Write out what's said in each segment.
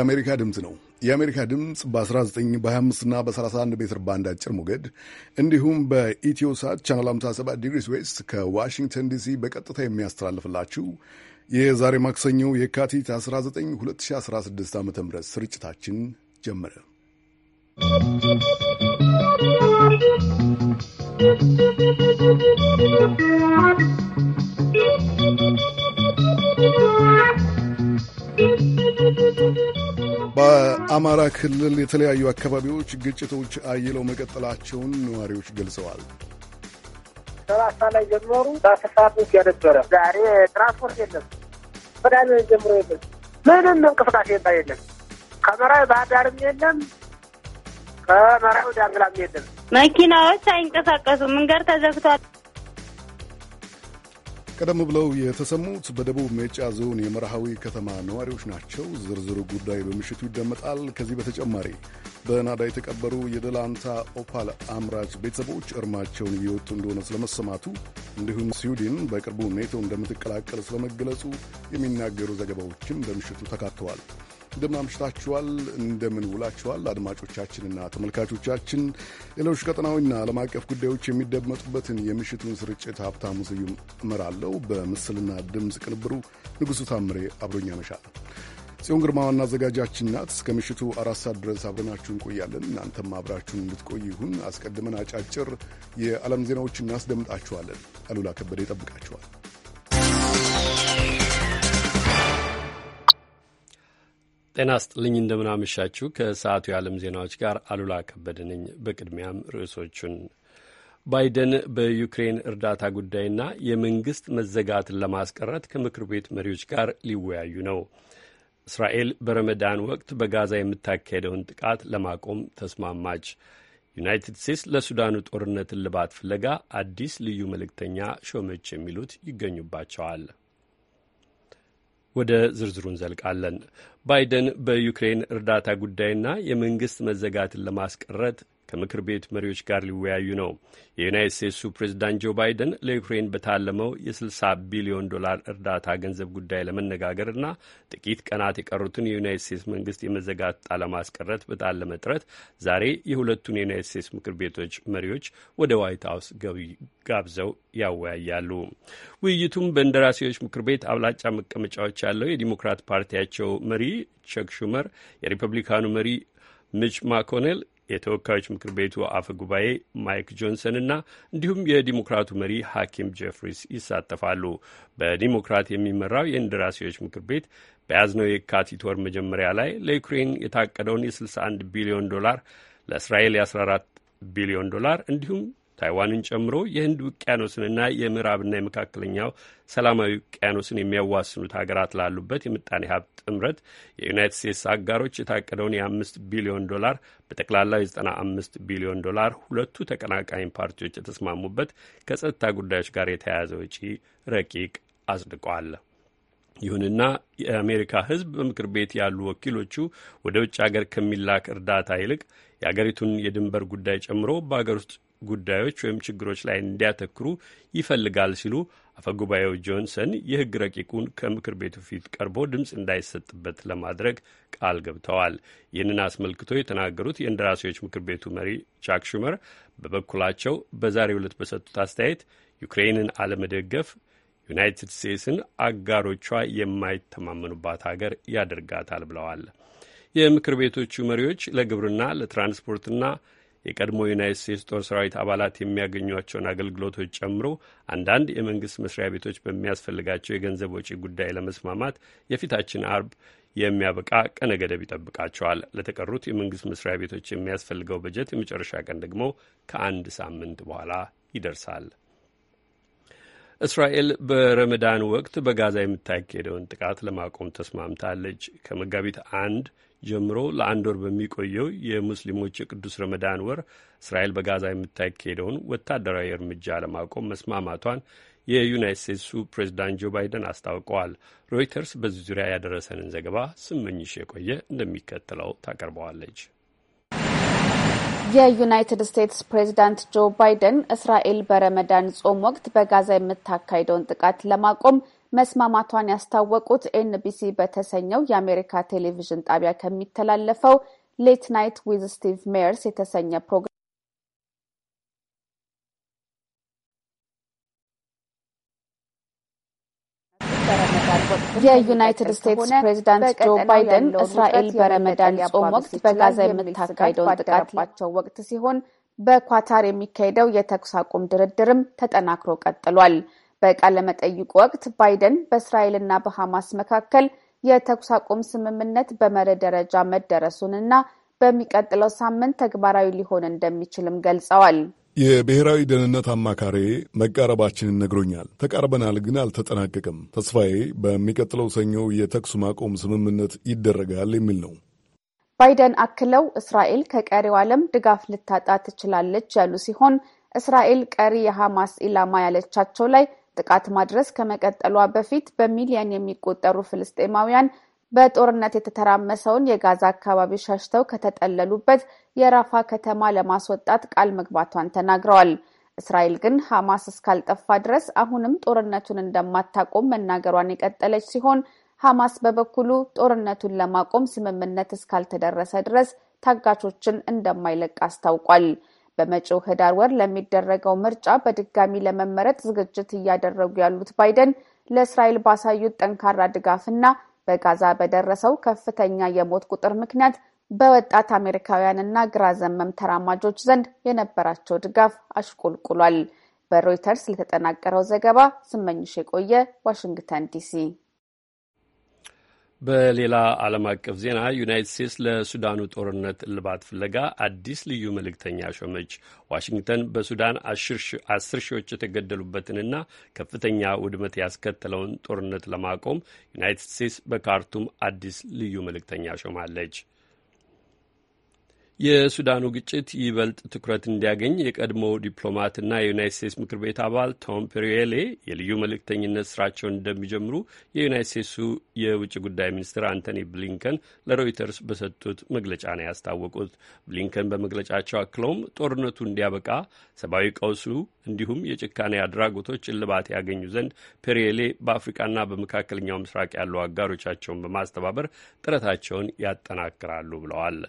የአሜሪካ ድምፅ ነው። የአሜሪካ ድምፅ በ19 በ25 እና በ31 ሜትር ባንድ አጭር ሞገድ እንዲሁም ሳት ቻናል 57 ዲግሪስ ዌስት ከዋሽንግተን ዲሲ በቀጥታ የሚያስተላልፍላችሁ የዛሬ ማክሰኞ የካቲት 19 2016 ዓ ም ስርጭታችን ጀመረ። ¶¶ በአማራ ክልል የተለያዩ አካባቢዎች ግጭቶች አይለው መቀጠላቸውን ነዋሪዎች ገልጸዋል። ሰባሳ ላይ ጀምሮ በስፋት ውስጥ ዛሬ ትራንስፖርት የለም። ቅዳሜ ጀምሮ የለም። ምንም እንቅስቃሴ ባ የለም። ከመራዊ ባህር ዳርም የለም። ከመራዊ ዳንግላም የለም። መኪናዎች አይንቀሳቀሱ። መንገድ ተዘግቷል። ቀደም ብለው የተሰሙት በደቡብ ሜጫ ዞን የመርሃዊ ከተማ ነዋሪዎች ናቸው። ዝርዝሩ ጉዳይ በምሽቱ ይደመጣል። ከዚህ በተጨማሪ በናዳ የተቀበሩ የደላንታ ኦፓል አምራች ቤተሰቦች እርማቸውን እየወጡ እንደሆነ ስለመሰማቱ፣ እንዲሁም ስዊድን በቅርቡ ኔቶ እንደምትቀላቀል ስለመገለጹ የሚናገሩ ዘገባዎችም በምሽቱ ተካተዋል። እንደምናምሽታችኋል እንደምን ውላችኋል አድማጮቻችንና ተመልካቾቻችን። ሌሎች ቀጠናዊና ዓለም አቀፍ ጉዳዮች የሚደመጡበትን የምሽቱን ስርጭት ሀብታሙ ስዩም እመራለሁ። በምስልና ድምፅ ቅንብሩ ንጉሡ ታምሬ አብሮኝ ያመሻል። ጽዮን ግርማ ዋና አዘጋጃችን ናት። እስከ ምሽቱ አራት ሰዓት ድረስ አብረናችሁ እንቆያለን። እናንተም አብራችሁን እንድትቆይ ይሁን። አስቀድመን አጫጭር የዓለም ዜናዎችን እናስደምጣችኋለን። አሉላ ከበደ ይጠብቃችኋል። ጤና ስጥልኝ እንደምናመሻችሁ። ከሰዓቱ የዓለም ዜናዎች ጋር አሉላ ከበደ ነኝ። በቅድሚያም ርዕሶቹን ባይደን በዩክሬን እርዳታ ጉዳይና የመንግስት መዘጋትን ለማስቀረት ከምክር ቤት መሪዎች ጋር ሊወያዩ ነው። እስራኤል በረመዳን ወቅት በጋዛ የምታካሄደውን ጥቃት ለማቆም ተስማማች። ዩናይትድ ስቴትስ ለሱዳኑ ጦርነት እልባት ፍለጋ አዲስ ልዩ መልእክተኛ ሾመች። የሚሉት ይገኙባቸዋል። ወደ ዝርዝሩ እንዘልቃለን። ባይደን በዩክሬን እርዳታ ጉዳይና የመንግስት መዘጋትን ለማስቀረት ከምክር ቤት መሪዎች ጋር ሊወያዩ ነው። የዩናይት ስቴትሱ ፕሬዚዳንት ጆ ባይደን ለዩክሬን በታለመው የ60 ቢሊዮን ዶላር እርዳታ ገንዘብ ጉዳይ ለመነጋገር እና ጥቂት ቀናት የቀሩትን የዩናይት ስቴትስ መንግስት የመዘጋት ጣ ለማስቀረት በታለመ ጥረት ዛሬ የሁለቱን የዩናይት ስቴትስ ምክር ቤቶች መሪዎች ወደ ዋይት ሀውስ ጋብዘው ያወያያሉ። ውይይቱም በእንደራሴዎች ምክር ቤት አብላጫ መቀመጫዎች ያለው የዲሞክራት ፓርቲያቸው መሪ ቸክ ሹመር፣ የሪፐብሊካኑ መሪ ሚች ማኮኔል የተወካዮች ምክር ቤቱ አፈ ጉባኤ ማይክ ጆንሰንና እንዲሁም የዲሞክራቱ መሪ ሐኪም ጀፍሪስ ይሳተፋሉ። በዲሞክራት የሚመራው የእንደራሴዎች ምክር ቤት በያዝነው የካቲት ወር መጀመሪያ ላይ ለዩክሬን የታቀደውን የ61 ቢሊዮን ዶላር ለእስራኤል የ14 ቢሊዮን ዶላር እንዲሁም ታይዋንን ጨምሮ የህንድ ውቅያኖስንና የምዕራብና የመካከለኛው ሰላማዊ ውቅያኖስን የሚያዋስኑት ሀገራት ላሉበት የምጣኔ ሀብት ጥምረት የዩናይትድ ስቴትስ አጋሮች የታቀደውን የአምስት ቢሊዮን ዶላር በጠቅላላው የዘጠና አምስት ቢሊዮን ዶላር ሁለቱ ተቀናቃኝ ፓርቲዎች የተስማሙበት ከጸጥታ ጉዳዮች ጋር የተያያዘ ወጪ ረቂቅ አጽድቋል። ይሁንና የአሜሪካ ህዝብ በምክር ቤት ያሉ ወኪሎቹ ወደ ውጭ ሀገር ከሚላክ እርዳታ ይልቅ የአገሪቱን የድንበር ጉዳይ ጨምሮ በአገር ውስጥ ጉዳዮች ወይም ችግሮች ላይ እንዲያተክሩ ይፈልጋል ሲሉ አፈጉባኤው ጆንሰን የሕግ ረቂቁን ከምክር ቤቱ ፊት ቀርቦ ድምፅ እንዳይሰጥበት ለማድረግ ቃል ገብተዋል። ይህንን አስመልክቶ የተናገሩት የእንደራሴዎች ምክር ቤቱ መሪ ቻክ ሹመር በበኩላቸው በዛሬው ዕለት በሰጡት አስተያየት ዩክሬንን አለመደገፍ ዩናይትድ ስቴትስን አጋሮቿ የማይተማመኑባት ሀገር ያደርጋታል ብለዋል። የምክር ቤቶቹ መሪዎች ለግብርና ለትራንስፖርትና የቀድሞ ዩናይት ስቴትስ ጦር ሰራዊት አባላት የሚያገኟቸውን አገልግሎቶች ጨምሮ አንዳንድ የመንግስት መስሪያ ቤቶች በሚያስፈልጋቸው የገንዘብ ወጪ ጉዳይ ለመስማማት የፊታችን አርብ የሚያበቃ ቀነ ገደብ ይጠብቃቸዋል። ለተቀሩት የመንግስት መስሪያ ቤቶች የሚያስፈልገው በጀት የመጨረሻ ቀን ደግሞ ከአንድ ሳምንት በኋላ ይደርሳል። እስራኤል በረመዳን ወቅት በጋዛ የምታካሄደውን ጥቃት ለማቆም ተስማምታለች። ከመጋቢት አንድ ጀምሮ ለአንድ ወር በሚቆየው የሙስሊሞች የቅዱስ ረመዳን ወር እስራኤል በጋዛ የምታካሄደውን ወታደራዊ እርምጃ ለማቆም መስማማቷን የዩናይት ስቴትሱ ፕሬዚዳንት ጆ ባይደን አስታውቀዋል። ሮይተርስ በዚህ ዙሪያ ያደረሰንን ዘገባ ስመኝሽ የቆየ እንደሚከተለው ታቀርበዋለች። የዩናይትድ ስቴትስ ፕሬዚዳንት ጆ ባይደን እስራኤል በረመዳን ጾም ወቅት በጋዛ የምታካሂደውን ጥቃት ለማቆም መስማማቷን ያስታወቁት ኤንቢሲ በተሰኘው የአሜሪካ ቴሌቪዥን ጣቢያ ከሚተላለፈው ሌት ናይት ዊዝ ስቲቭ ሜየርስ የተሰኘ ፕሮግራም የዩናይትድ ስቴትስ ፕሬዚዳንት ጆ ባይደን እስራኤል በረመዳን ጾም ወቅት በጋዛ የምታካሄደውን ጥቃት ባቸው ወቅት ሲሆን በኳታር የሚካሄደው የተኩስ አቁም ድርድርም ተጠናክሮ ቀጥሏል። በቃለመጠይቁ ወቅት ባይደን በእስራኤልና በሐማስ መካከል የተኩስ አቁም ስምምነት በመርህ ደረጃ መደረሱንና በሚቀጥለው ሳምንት ተግባራዊ ሊሆን እንደሚችልም ገልጸዋል። የብሔራዊ ደህንነት አማካሪ መቃረባችንን ነግሮኛል። ተቃርበናል፣ ግን አልተጠናቀቅም። ተስፋዬ በሚቀጥለው ሰኞ የተኩስ ማቆም ስምምነት ይደረጋል የሚል ነው። ባይደን አክለው እስራኤል ከቀሪው ዓለም ድጋፍ ልታጣ ትችላለች ያሉ ሲሆን እስራኤል ቀሪ የሐማስ ኢላማ ያለቻቸው ላይ ጥቃት ማድረስ ከመቀጠሏ በፊት በሚሊዮን የሚቆጠሩ ፍልስጤማውያን በጦርነት የተተራመሰውን የጋዛ አካባቢ ሸሽተው ከተጠለሉበት የራፋ ከተማ ለማስወጣት ቃል መግባቷን ተናግረዋል። እስራኤል ግን ሐማስ እስካልጠፋ ድረስ አሁንም ጦርነቱን እንደማታቆም መናገሯን የቀጠለች ሲሆን ሐማስ በበኩሉ ጦርነቱን ለማቆም ስምምነት እስካልተደረሰ ድረስ ታጋቾችን እንደማይለቅ አስታውቋል። በመጪው ህዳር ወር ለሚደረገው ምርጫ በድጋሚ ለመመረጥ ዝግጅት እያደረጉ ያሉት ባይደን ለእስራኤል ባሳዩት ጠንካራ ድጋፍና በጋዛ በደረሰው ከፍተኛ የሞት ቁጥር ምክንያት በወጣት አሜሪካውያንና ግራ ዘመም ተራማጆች ዘንድ የነበራቸው ድጋፍ አሽቆልቁሏል። በሮይተርስ ለተጠናቀረው ዘገባ ስመኝሽ የቆየ ዋሽንግተን ዲሲ። በሌላ ዓለም አቀፍ ዜና ዩናይት ስቴትስ ለሱዳኑ ጦርነት እልባት ፍለጋ አዲስ ልዩ መልእክተኛ ሾመች። ዋሽንግተን በሱዳን አስር ሺዎች የተገደሉበትንና ከፍተኛ ውድመት ያስከተለውን ጦርነት ለማቆም ዩናይትድ ስቴትስ በካርቱም አዲስ ልዩ መልእክተኛ ሾማለች። የሱዳኑ ግጭት ይበልጥ ትኩረት እንዲያገኝ የቀድሞው ዲፕሎማትና የዩናይት ስቴትስ ምክር ቤት አባል ቶም ፔሪዌሌ የልዩ መልእክተኝነት ስራቸውን እንደሚጀምሩ የዩናይት ስቴትሱ የውጭ ጉዳይ ሚኒስትር አንቶኒ ብሊንከን ለሮይተርስ በሰጡት መግለጫ ነው ያስታወቁት። ብሊንከን በመግለጫቸው አክለውም ጦርነቱ እንዲያበቃ፣ ሰብአዊ ቀውሱ እንዲሁም የጭካኔ አድራጎቶች እልባት ያገኙ ዘንድ ፔሪዌሌ በአፍሪቃና በመካከለኛው ምስራቅ ያሉ አጋሮቻቸውን በማስተባበር ጥረታቸውን ያጠናክራሉ ብለዋል።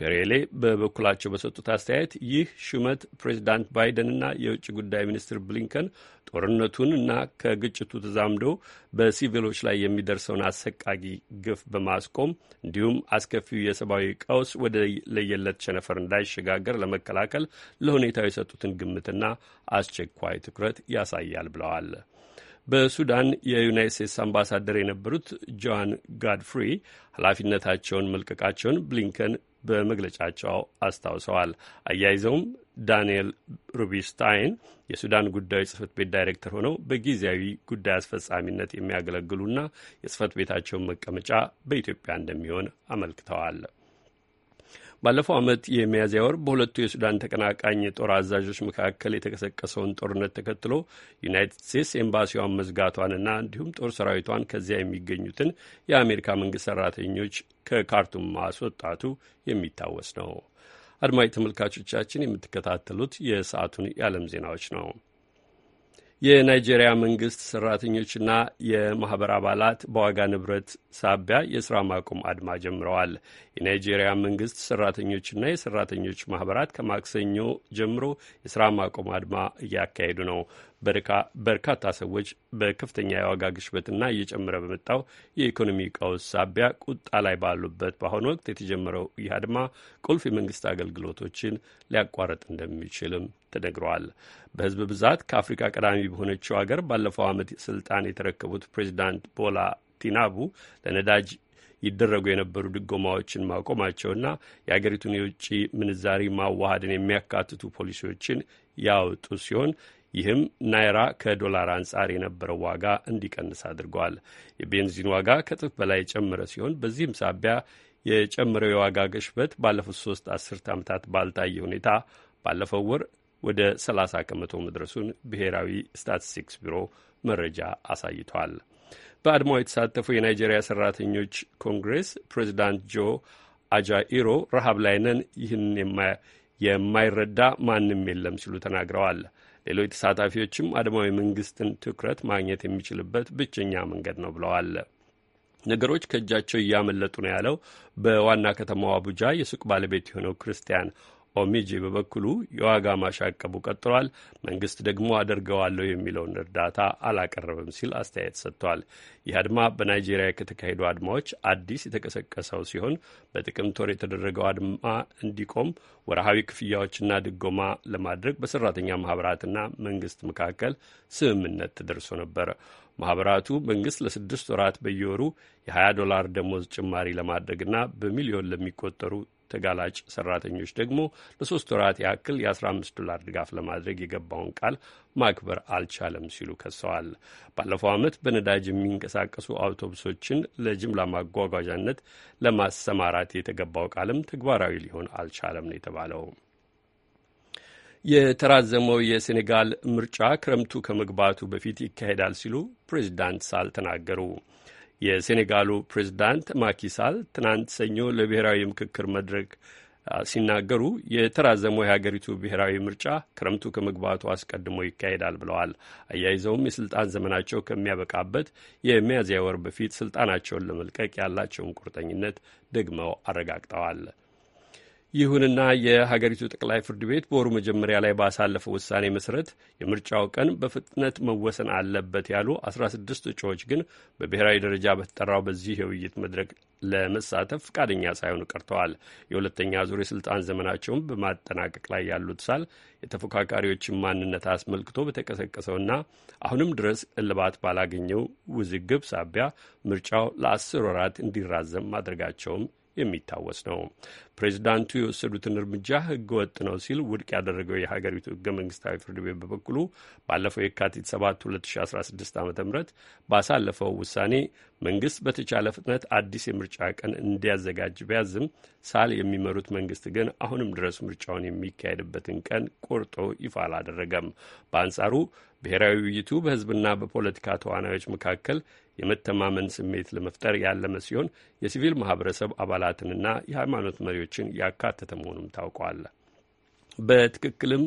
ፔሬሌ በበኩላቸው በሰጡት አስተያየት ይህ ሹመት ፕሬዚዳንት ባይደንና የውጭ ጉዳይ ሚኒስትር ብሊንከን ጦርነቱን እና ከግጭቱ ተዛምዶ በሲቪሎች ላይ የሚደርሰውን አሰቃቂ ግፍ በማስቆም እንዲሁም አስከፊው የሰብአዊ ቀውስ ወደ ለየለት ቸነፈር እንዳይሸጋገር ለመከላከል ለሁኔታው የሰጡትን ግምትና አስቸኳይ ትኩረት ያሳያል ብለዋል። በሱዳን የዩናይት ስቴትስ አምባሳደር የነበሩት ጆን ጋድፍሪ ኃላፊነታቸውን መልቀቃቸውን ብሊንከን በመግለጫቸው አስታውሰዋል። አያይዘውም ዳንኤል ሩቢስታይን የሱዳን ጉዳዮች ጽህፈት ቤት ዳይሬክተር ሆነው በጊዜያዊ ጉዳይ አስፈጻሚነት የሚያገለግሉና የጽህፈት ቤታቸውን መቀመጫ በኢትዮጵያ እንደሚሆን አመልክተዋል። ባለፈው ዓመት የሚያዝያ ወር በሁለቱ የሱዳን ተቀናቃኝ የጦር አዛዦች መካከል የተቀሰቀሰውን ጦርነት ተከትሎ ዩናይትድ ስቴትስ ኤምባሲዋን መዝጋቷንና እንዲሁም ጦር ሰራዊቷን ከዚያ የሚገኙትን የአሜሪካ መንግስት ሰራተኞች ከካርቱም ማስወጣቱ የሚታወስ ነው። አድማጭ ተመልካቾቻችን የምትከታተሉት የሰዓቱን የዓለም ዜናዎች ነው። የናይጄሪያ መንግስት ሰራተኞችና የማህበር አባላት በዋጋ ንብረት ሳቢያ የስራ ማቆም አድማ ጀምረዋል። የናይጄሪያ መንግስት ሰራተኞችና የሰራተኞች ማህበራት ከማክሰኞ ጀምሮ የስራ ማቆም አድማ እያካሄዱ ነው። በርካታ ሰዎች በከፍተኛ የዋጋ ግሽበትና እየጨመረ በመጣው የኢኮኖሚ ቀውስ ሳቢያ ቁጣ ላይ ባሉበት በአሁኑ ወቅት የተጀመረው ይህ አድማ ቁልፍ የመንግስት አገልግሎቶችን ሊያቋረጥ እንደሚችልም ተነግረዋል። በህዝብ ብዛት ከአፍሪካ ቀዳሚ በሆነችው ሀገር ባለፈው ዓመት ስልጣን የተረከቡት ፕሬዚዳንት ቦላ ቲናቡ ለነዳጅ ይደረጉ የነበሩ ድጎማዎችን ማቆማቸውና የአገሪቱን የውጭ ምንዛሪ ማዋሃድን የሚያካትቱ ፖሊሲዎችን ያወጡ ሲሆን ይህም ናይራ ከዶላር አንጻር የነበረው ዋጋ እንዲቀንስ አድርጓል። የቤንዚን ዋጋ ከጥፍ በላይ የጨመረ ሲሆን በዚህም ሳቢያ የጨመረው የዋጋ ግሽበት ባለፉት ሶስት አስርት ዓመታት ባልታየ ሁኔታ ባለፈው ወር ወደ 30 ከመቶ መድረሱን ብሔራዊ ስታቲስቲክስ ቢሮ መረጃ አሳይቷል። በአድማው የተሳተፉ የናይጄሪያ ሰራተኞች ኮንግሬስ ፕሬዚዳንት ጆ አጃኢሮ ረሃብ ላይ ነን፣ ይህን የማይረዳ ማንም የለም ሲሉ ተናግረዋል። ሌሎች ተሳታፊዎችም አድማዊ መንግስትን ትኩረት ማግኘት የሚችልበት ብቸኛ መንገድ ነው ብለዋል። ነገሮች ከእጃቸው እያመለጡ ነው ያለው በዋና ከተማዋ አቡጃ የሱቅ ባለቤት የሆነው ክርስቲያን ኦሚጂ በበኩሉ የዋጋ ማሻቀቡ ቀጥሏል፣ መንግስት ደግሞ አደርገዋለሁ የሚለውን እርዳታ አላቀረበም ሲል አስተያየት ሰጥቷል። ይህ አድማ በናይጄሪያ ከተካሄዱ አድማዎች አዲስ የተቀሰቀሰው ሲሆን በጥቅምት ወር የተደረገው አድማ እንዲቆም ወርሃዊ ክፍያዎችና ድጎማ ለማድረግ በሰራተኛ ማህበራትና መንግስት መካከል ስምምነት ተደርሶ ነበር። ማህበራቱ መንግስት ለስድስት ወራት በየወሩ የ20 ዶላር ደሞዝ ጭማሪ ለማድረግና በሚሊዮን ለሚቆጠሩ ተጋላጭ ሰራተኞች ደግሞ ለሶስት ወራት ያክል የ15 ዶላር ድጋፍ ለማድረግ የገባውን ቃል ማክበር አልቻለም ሲሉ ከሰዋል። ባለፈው ዓመት በነዳጅ የሚንቀሳቀሱ አውቶቡሶችን ለጅምላ ማጓጓዣነት ለማሰማራት የተገባው ቃልም ተግባራዊ ሊሆን አልቻለም ነው የተባለው። የተራዘመው የሴኔጋል ምርጫ ክረምቱ ከመግባቱ በፊት ይካሄዳል ሲሉ ፕሬዚዳንት ሳል ተናገሩ። የሴኔጋሉ ፕሬዚዳንት ማኪሳል ትናንት ሰኞ ለብሔራዊ ምክክር መድረክ ሲናገሩ የተራዘመው የሀገሪቱ ብሔራዊ ምርጫ ክረምቱ ከመግባቱ አስቀድሞ ይካሄዳል ብለዋል። አያይዘውም የስልጣን ዘመናቸው ከሚያበቃበት የሚያዝያ ወር በፊት ስልጣናቸውን ለመልቀቅ ያላቸውን ቁርጠኝነት ደግመው አረጋግጠዋል። ይሁንና የሀገሪቱ ጠቅላይ ፍርድ ቤት በወሩ መጀመሪያ ላይ ባሳለፈው ውሳኔ መሰረት የምርጫው ቀን በፍጥነት መወሰን አለበት ያሉ 16 እጩዎች ግን በብሔራዊ ደረጃ በተጠራው በዚህ የውይይት መድረክ ለመሳተፍ ፈቃደኛ ሳይሆኑ ቀርተዋል። የሁለተኛ ዙር የስልጣን ዘመናቸውን በማጠናቀቅ ላይ ያሉት ሳል የተፎካካሪዎችን ማንነት አስመልክቶ በተቀሰቀሰውና አሁንም ድረስ እልባት ባላገኘው ውዝግብ ሳቢያ ምርጫው ለአስር ወራት እንዲራዘም ማድረጋቸውም የሚታወስ ነው። ፕሬዚዳንቱ የወሰዱትን እርምጃ ህገ ወጥ ነው ሲል ውድቅ ያደረገው የሀገሪቱ ህገ መንግስታዊ ፍርድ ቤት በበኩሉ ባለፈው የካቲት 7 2016 ዓ ም ባሳለፈው ውሳኔ መንግስት በተቻለ ፍጥነት አዲስ የምርጫ ቀን እንዲያዘጋጅ ቢያዝም ሳል የሚመሩት መንግስት ግን አሁንም ድረስ ምርጫውን የሚካሄድበትን ቀን ቆርጦ ይፋ አላደረገም። በአንጻሩ ብሔራዊ ውይይቱ በህዝብና በፖለቲካ ተዋናዮች መካከል የመተማመን ስሜት ለመፍጠር ያለመ ሲሆን የሲቪል ማህበረሰብ አባላትንና የሃይማኖት መሪዎችን ያካተተ መሆኑም ታውቋል። በትክክልም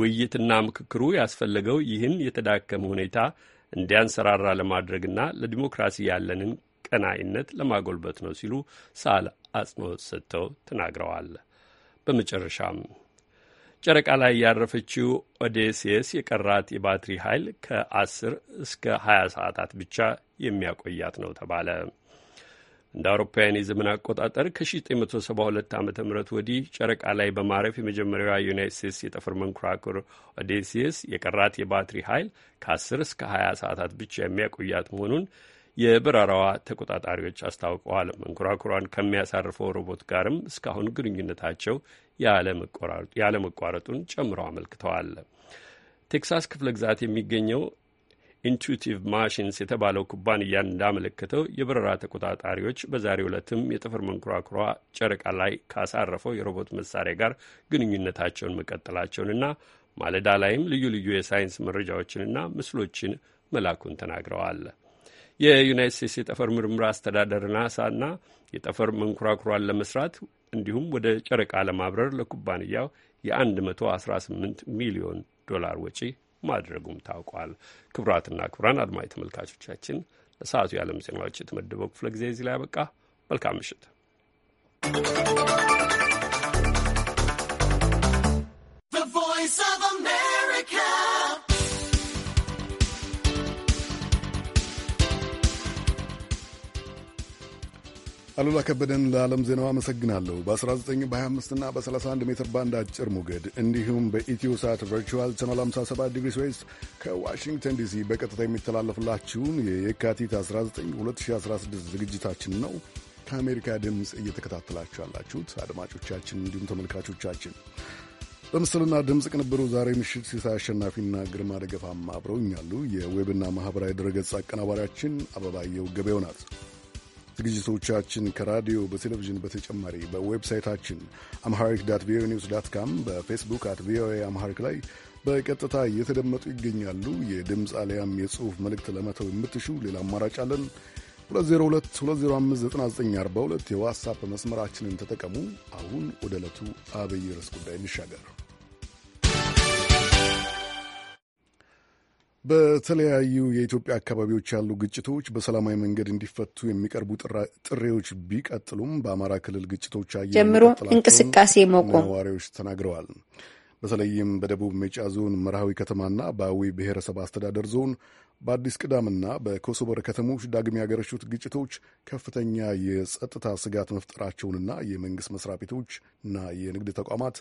ውይይትና ምክክሩ ያስፈለገው ይህን የተዳከመ ሁኔታ እንዲያንሰራራ ለማድረግና ለዲሞክራሲ ያለንን ቀናይነት ለማጎልበት ነው ሲሉ ሳል አጽንኦት ሰጥተው ተናግረዋል። በመጨረሻም ጨረቃ ላይ ያረፈችው ኦዴሴስ የቀራት የባትሪ ኃይል ከ10 እስከ 20 ሰዓታት ብቻ የሚያቆያት ነው ተባለ። እንደ አውሮፓውያን የዘመን አቆጣጠር ከ1972 ዓ ም ወዲህ ጨረቃ ላይ በማረፍ የመጀመሪያዋ ዩናይት ስቴትስ የጠፈር መንኮራኩር ኦዴሴስ የቀራት የባትሪ ኃይል ከ10 እስከ 20 ሰዓታት ብቻ የሚያቆያት መሆኑን የበረራዋ ተቆጣጣሪዎች አስታውቀዋል። መንኮራኩሯን ከሚያሳርፈው ሮቦት ጋርም እስካሁን ግንኙነታቸው ያለመቋረጡን ጨምሮ አመልክተዋል። ቴክሳስ ክፍለ ግዛት የሚገኘው ኢንቱቲቭ ማሽንስ የተባለው ኩባንያን እንዳመለከተው የበረራ ተቆጣጣሪዎች በዛሬው ዕለትም የጥፍር መንኮራኩሯ ጨረቃ ላይ ካሳረፈው የሮቦት መሳሪያ ጋር ግንኙነታቸውን መቀጠላቸውንና ማለዳ ላይም ልዩ ልዩ የሳይንስ መረጃዎችንና ምስሎችን መላኩን ተናግረዋል። የዩናይት ስቴትስ የጠፈር ምርምር አስተዳደር ናሳና የጠፈር መንኮራኩሯን ለመስራት እንዲሁም ወደ ጨረቃ ለማብረር ለኩባንያው የ118 ሚሊዮን ዶላር ወጪ ማድረጉም ታውቋል። ክቡራትና ክቡራን አድማጭ ተመልካቾቻችን ለሰዓቱ የዓለም ዜናዎች የተመደበው ክፍለ ጊዜ እዚህ ላይ ያበቃ። መልካም ምሽት። The voice of America. አሉላ ከበደን ለዓለም ዜናው አመሰግናለሁ። በ19 በ25ና በ31 ሜትር ባንድ አጭር ሞገድ እንዲሁም በኢትዮ ሳት ቨርቹዋል ቻናል 57 ዲግሪ ዌስት ከዋሽንግተን ዲሲ በቀጥታ የሚተላለፍላችሁን የየካቲት 19 2016 ዝግጅታችን ነው ከአሜሪካ ድምፅ እየተከታተላችሁ ያላችሁት አድማጮቻችን፣ እንዲሁም ተመልካቾቻችን። በምስልና ድምፅ ቅንብሩ ዛሬ ምሽት ሲሳይ አሸናፊና ግርማ ደገፋም አብረውኛሉ። የዌብና ማኅበራዊ ድረገጽ አቀናባሪያችን አበባየው ገበያው ናት። ዝግጅቶቻችን ከራዲዮ በቴሌቪዥን በተጨማሪ በዌብሳይታችን አምሃሪክ ዳት ቪኦኤ ኒውስ ዳት ካም በፌስቡክ አት ቪኦኤ አምሃሪክ ላይ በቀጥታ እየተደመጡ ይገኛሉ። የድምፅ አሊያም የጽሑፍ መልእክት ለመተው የምትሹ ሌላ አማራጭ አለን። 2022059942 የዋትሳፕ መስመራችንን ተጠቀሙ። አሁን ወደ ዕለቱ አብይ ርዕስ ጉዳይ እንሻገር። በተለያዩ የኢትዮጵያ አካባቢዎች ያሉ ግጭቶች በሰላማዊ መንገድ እንዲፈቱ የሚቀርቡ ጥሪዎች ቢቀጥሉም በአማራ ክልል ግጭቶች አየር ጀምሮ እንቅስቃሴ መቆም ነዋሪዎች ተናግረዋል። በተለይም በደቡብ ሜጫ ዞን መርሃዊ ከተማና በአዊ ብሔረሰብ አስተዳደር ዞን በአዲስ ቅዳምና በኮሶበር ከተሞች ዳግም ያገረሹት ግጭቶች ከፍተኛ የጸጥታ ስጋት መፍጠራቸውንና የመንግሥት መስሪያ ቤቶችና የንግድ ተቋማት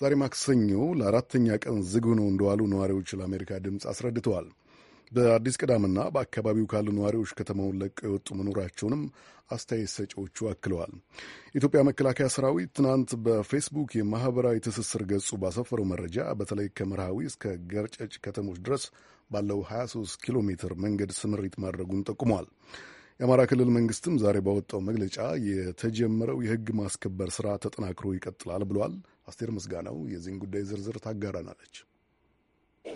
ዛሬ ማክሰኞ ለአራተኛ ቀን ዝግ ሆነው እንደዋሉ ነዋሪዎች ለአሜሪካ ድምፅ አስረድተዋል። በአዲስ ቅዳምና በአካባቢው ካሉ ነዋሪዎች ከተማውን ለቀው የወጡ መኖራቸውንም አስተያየት ሰጪዎቹ አክለዋል። የኢትዮጵያ መከላከያ ሰራዊት ትናንት በፌስቡክ የማህበራዊ ትስስር ገጹ ባሰፈረው መረጃ በተለይ ከመርሃዊ እስከ ገርጨጭ ከተሞች ድረስ ባለው 23 ኪሎ ሜትር መንገድ ስምሪት ማድረጉን ጠቁሟል። የአማራ ክልል መንግስትም ዛሬ ባወጣው መግለጫ የተጀመረው የህግ ማስከበር ስራ ተጠናክሮ ይቀጥላል ብሏል። አስቴር ምስጋናው የዚህን ጉዳይ ዝርዝር ታጋራናለች።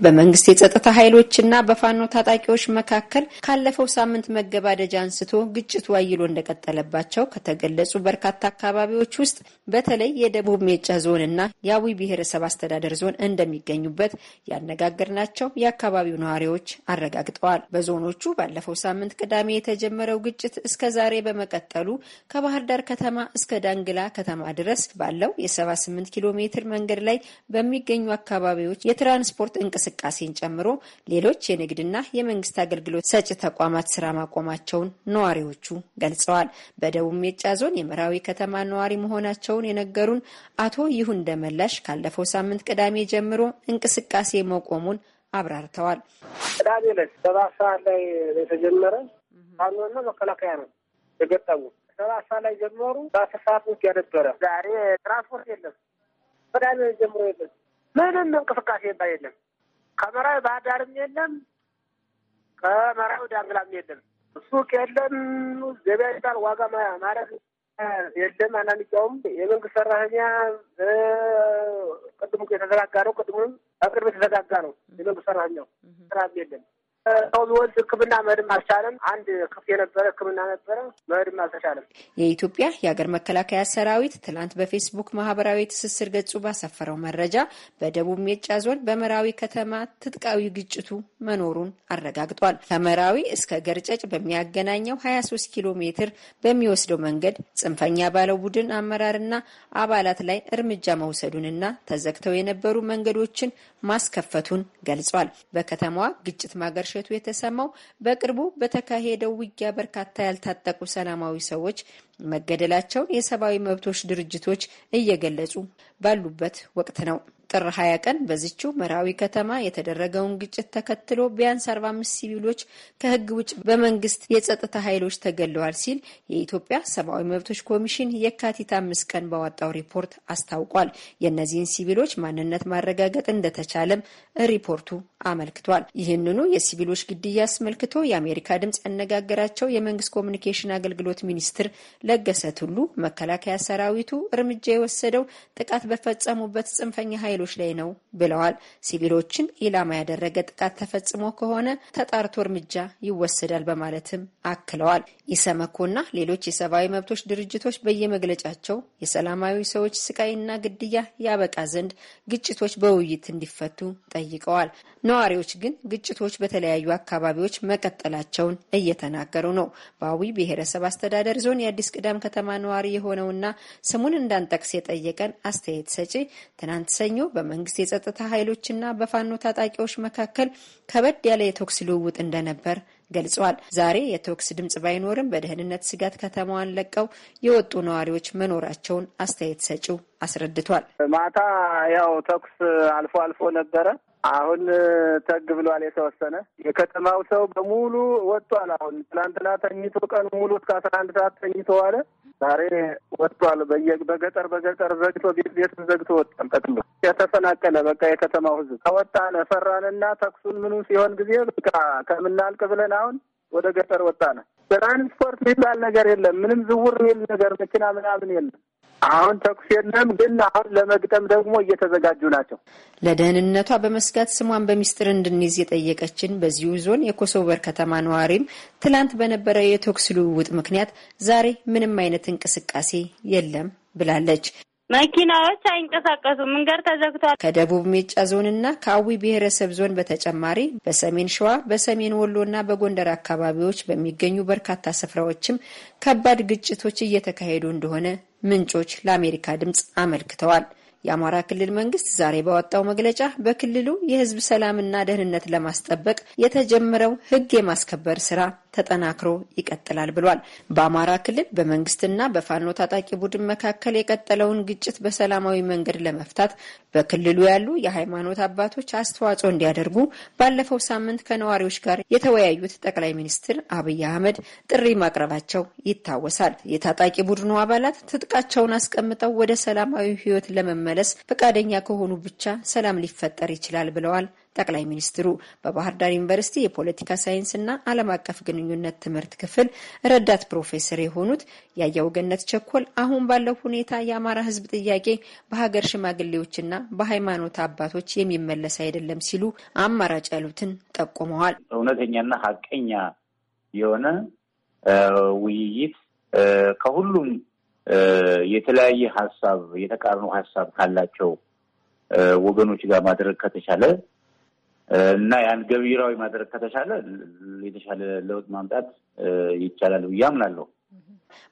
በመንግስት የጸጥታ ኃይሎችና በፋኖ ታጣቂዎች መካከል ካለፈው ሳምንት መገባደጃ አንስቶ ግጭቱ አይሎ እንደቀጠለባቸው ከተገለጹ በርካታ አካባቢዎች ውስጥ በተለይ የደቡብ ሜጫ ዞን እና የአዊ ብሔረሰብ አስተዳደር ዞን እንደሚገኙበት ያነጋገርናቸው የአካባቢው ነዋሪዎች አረጋግጠዋል። በዞኖቹ ባለፈው ሳምንት ቅዳሜ የተጀመረው ግጭት እስከ ዛሬ በመቀጠሉ ከባህር ዳር ከተማ እስከ ዳንግላ ከተማ ድረስ ባለው የ78 ኪሎ ሜትር መንገድ ላይ በሚገኙ አካባቢዎች የትራንስፖርት እንቅስቃሴ እንቅስቃሴን ጨምሮ ሌሎች የንግድና የመንግስት አገልግሎት ሰጪ ተቋማት ስራ ማቆማቸውን ነዋሪዎቹ ገልጸዋል። በደቡብ ሜጫ ዞን የመራዊ ከተማ ነዋሪ መሆናቸውን የነገሩን አቶ ይሁን ደመላሽ ካለፈው ሳምንት ቅዳሜ ጀምሮ እንቅስቃሴ መቆሙን አብራርተዋል። ቅዳሜ ዕለት ሰባት ሰዓት ላይ የተጀመረ ፋኖና መከላከያ ነው የገጠሙ። ሰባት ሰዓት ላይ ጀመሩ። በአስር ሰዓት ውስጥ ያነበረ ዛሬ ትራንስፖርት የለም። ቅዳሜ ጀምሮ የለም ምንም እንቅስቃሴ ባ የለም። ከመራዊ ባህር ዳርም የለም፣ ከመራዊ ዳንግላም የለም። ሱቅ የለም፣ ገበያ ይባል ዋጋ ማረግ የለም። አናንጫውም የመንግስት ሰራተኛ ቅድሙ የተዘጋጋ ነው። ቅድሙም ቅድም የተዘጋጋ ነው። የመንግስት ሰራተኛው ስራ የለም። ሰው ቢወልድ ሕክምና መድም አልቻለም። አንድ ክፍት የነበረ ሕክምና ነበረ መድም አልተቻለም። የኢትዮጵያ የሀገር መከላከያ ሰራዊት ትናንት በፌስቡክ ማህበራዊ ትስስር ገጹ ባሰፈረው መረጃ በደቡብ ሜጫ ዞን በመራዊ ከተማ ትጥቃዊ ግጭቱ መኖሩን አረጋግጧል። ከመራዊ እስከ ገርጨጭ በሚያገናኘው 23 ኪሎ ሜትር በሚወስደው መንገድ ጽንፈኛ ባለው ቡድን አመራርና አባላት ላይ እርምጃ መውሰዱንና ተዘግተው የነበሩ መንገዶችን ማስከፈቱን ገልጿል። በከተማዋ ግጭት ማገር መዋሸቱ የተሰማው በቅርቡ በተካሄደው ውጊያ በርካታ ያልታጠቁ ሰላማዊ ሰዎች መገደላቸውን የሰብአዊ መብቶች ድርጅቶች እየገለጹ ባሉበት ወቅት ነው። ጥር 20 ቀን በዚችው መራዊ ከተማ የተደረገውን ግጭት ተከትሎ ቢያንስ 45 ሲቪሎች ከህግ ውጭ በመንግስት የጸጥታ ኃይሎች ተገለዋል ሲል የኢትዮጵያ ሰብአዊ መብቶች ኮሚሽን የካቲት አምስት ቀን ባወጣው ሪፖርት አስታውቋል። የእነዚህን ሲቪሎች ማንነት ማረጋገጥ እንደተቻለም ሪፖርቱ አመልክቷል። ይህንኑ የሲቪሎች ግድያ አስመልክቶ የአሜሪካ ድምፅ ያነጋገራቸው የመንግስት ኮሚኒኬሽን አገልግሎት ሚኒስትር ለገሰ ቱሉ መከላከያ ሰራዊቱ እርምጃ የወሰደው ጥቃት በፈጸሙበት ጽንፈኛ ኃይል ኃይሎች ላይ ነው ብለዋል። ሲቪሎችን ኢላማ ያደረገ ጥቃት ተፈጽሞ ከሆነ ተጣርቶ እርምጃ ይወሰዳል በማለትም አክለዋል። ኢሰመኮና ሌሎች የሰብአዊ መብቶች ድርጅቶች በየመግለጫቸው የሰላማዊ ሰዎች ስቃይና ግድያ ያበቃ ዘንድ ግጭቶች በውይይት እንዲፈቱ ጠይቀዋል። ነዋሪዎች ግን ግጭቶች በተለያዩ አካባቢዎች መቀጠላቸውን እየተናገሩ ነው። በአዊ ብሔረሰብ አስተዳደር ዞን የአዲስ ቅዳም ከተማ ነዋሪ የሆነውና ስሙን እንዳንጠቅስ የጠየቀን አስተያየት ሰጪ ትናንት ሰኞ በመንግስት የጸጥታ ኃይሎችና በፋኖ ታጣቂዎች መካከል ከበድ ያለ የተኩስ ልውውጥ እንደነበር ገልጿል። ዛሬ የተኩስ ድምጽ ባይኖርም በደህንነት ስጋት ከተማዋን ለቀው የወጡ ነዋሪዎች መኖራቸውን አስተያየት ሰጪው አስረድቷል። ማታ ያው ተኩስ አልፎ አልፎ ነበረ። አሁን ተግ ብሏል። የተወሰነ የከተማው ሰው በሙሉ ወጥቷል። አሁን ትላንትና ተኝቶ ቀን ሙሉ እስከ አስራ አንድ ሰዓት ተኝቶ ዋለ። ዛሬ ወጥቷል። በየ በገጠር በገጠር ዘግቶ ቤት ቤት ዘግቶ ወጥቷል። ጠቅሎ የተፈናቀለ በቃ የከተማው ሕዝብ ከወጣን ፈራንና ተኩሱን ምኑ ሲሆን ጊዜ በቃ ከምናልቅ ብለን አሁን ወደ ገጠር ወጣነ። ትራንስፖርት የሚባል ነገር የለም። ምንም ዝውር የሚል ነገር መኪና ምናምን የለም። አሁን ተኩስ የለም፣ ግን አሁን ለመግጠም ደግሞ እየተዘጋጁ ናቸው። ለደህንነቷ በመስጋት ስሟን በሚስጥር እንድንይዝ የጠየቀችን በዚሁ ዞን የኮሶበር ከተማ ነዋሪም ትላንት በነበረ የተኩስ ልውውጥ ምክንያት ዛሬ ምንም አይነት እንቅስቃሴ የለም ብላለች። መኪናዎች አይንቀሳቀሱ መንገድ ተዘግቷል። ከደቡብ ሜጫ ዞንና ከአዊ ብሔረሰብ ዞን በተጨማሪ በሰሜን ሸዋ፣ በሰሜን ወሎና በጎንደር አካባቢዎች በሚገኙ በርካታ ስፍራዎችም ከባድ ግጭቶች እየተካሄዱ እንደሆነ ምንጮች ለአሜሪካ ድምፅ አመልክተዋል። የአማራ ክልል መንግስት ዛሬ ባወጣው መግለጫ በክልሉ የሕዝብ ሰላምና ደህንነት ለማስጠበቅ የተጀመረው ሕግ የማስከበር ስራ ተጠናክሮ ይቀጥላል ብሏል። በአማራ ክልል በመንግስትና በፋኖ ታጣቂ ቡድን መካከል የቀጠለውን ግጭት በሰላማዊ መንገድ ለመፍታት በክልሉ ያሉ የሃይማኖት አባቶች አስተዋጽኦ እንዲያደርጉ ባለፈው ሳምንት ከነዋሪዎች ጋር የተወያዩት ጠቅላይ ሚኒስትር አብይ አህመድ ጥሪ ማቅረባቸው ይታወሳል። የታጣቂ ቡድኑ አባላት ትጥቃቸውን አስቀምጠው ወደ ሰላማዊ ህይወት ለመመለስ ፈቃደኛ ከሆኑ ብቻ ሰላም ሊፈጠር ይችላል ብለዋል ጠቅላይ ሚኒስትሩ በባህር ዳር ዩኒቨርሲቲ የፖለቲካ ሳይንስና ዓለም አቀፍ ግንኙነት ትምህርት ክፍል ረዳት ፕሮፌሰር የሆኑት ያየው ገነት ቸኮል አሁን ባለው ሁኔታ የአማራ ሕዝብ ጥያቄ በሀገር ሽማግሌዎችና በሃይማኖት አባቶች የሚመለስ አይደለም ሲሉ አማራጭ ያሉትን ጠቁመዋል። እውነተኛና ሀቀኛ የሆነ ውይይት ከሁሉም የተለያየ ሀሳብ የተቃርኖ ሀሳብ ካላቸው ወገኖች ጋር ማድረግ ከተቻለ እና ያን ገቢራዊ ማድረግ ከተቻለ የተሻለ ለውጥ ማምጣት ይቻላል ብዬ አምናለሁ።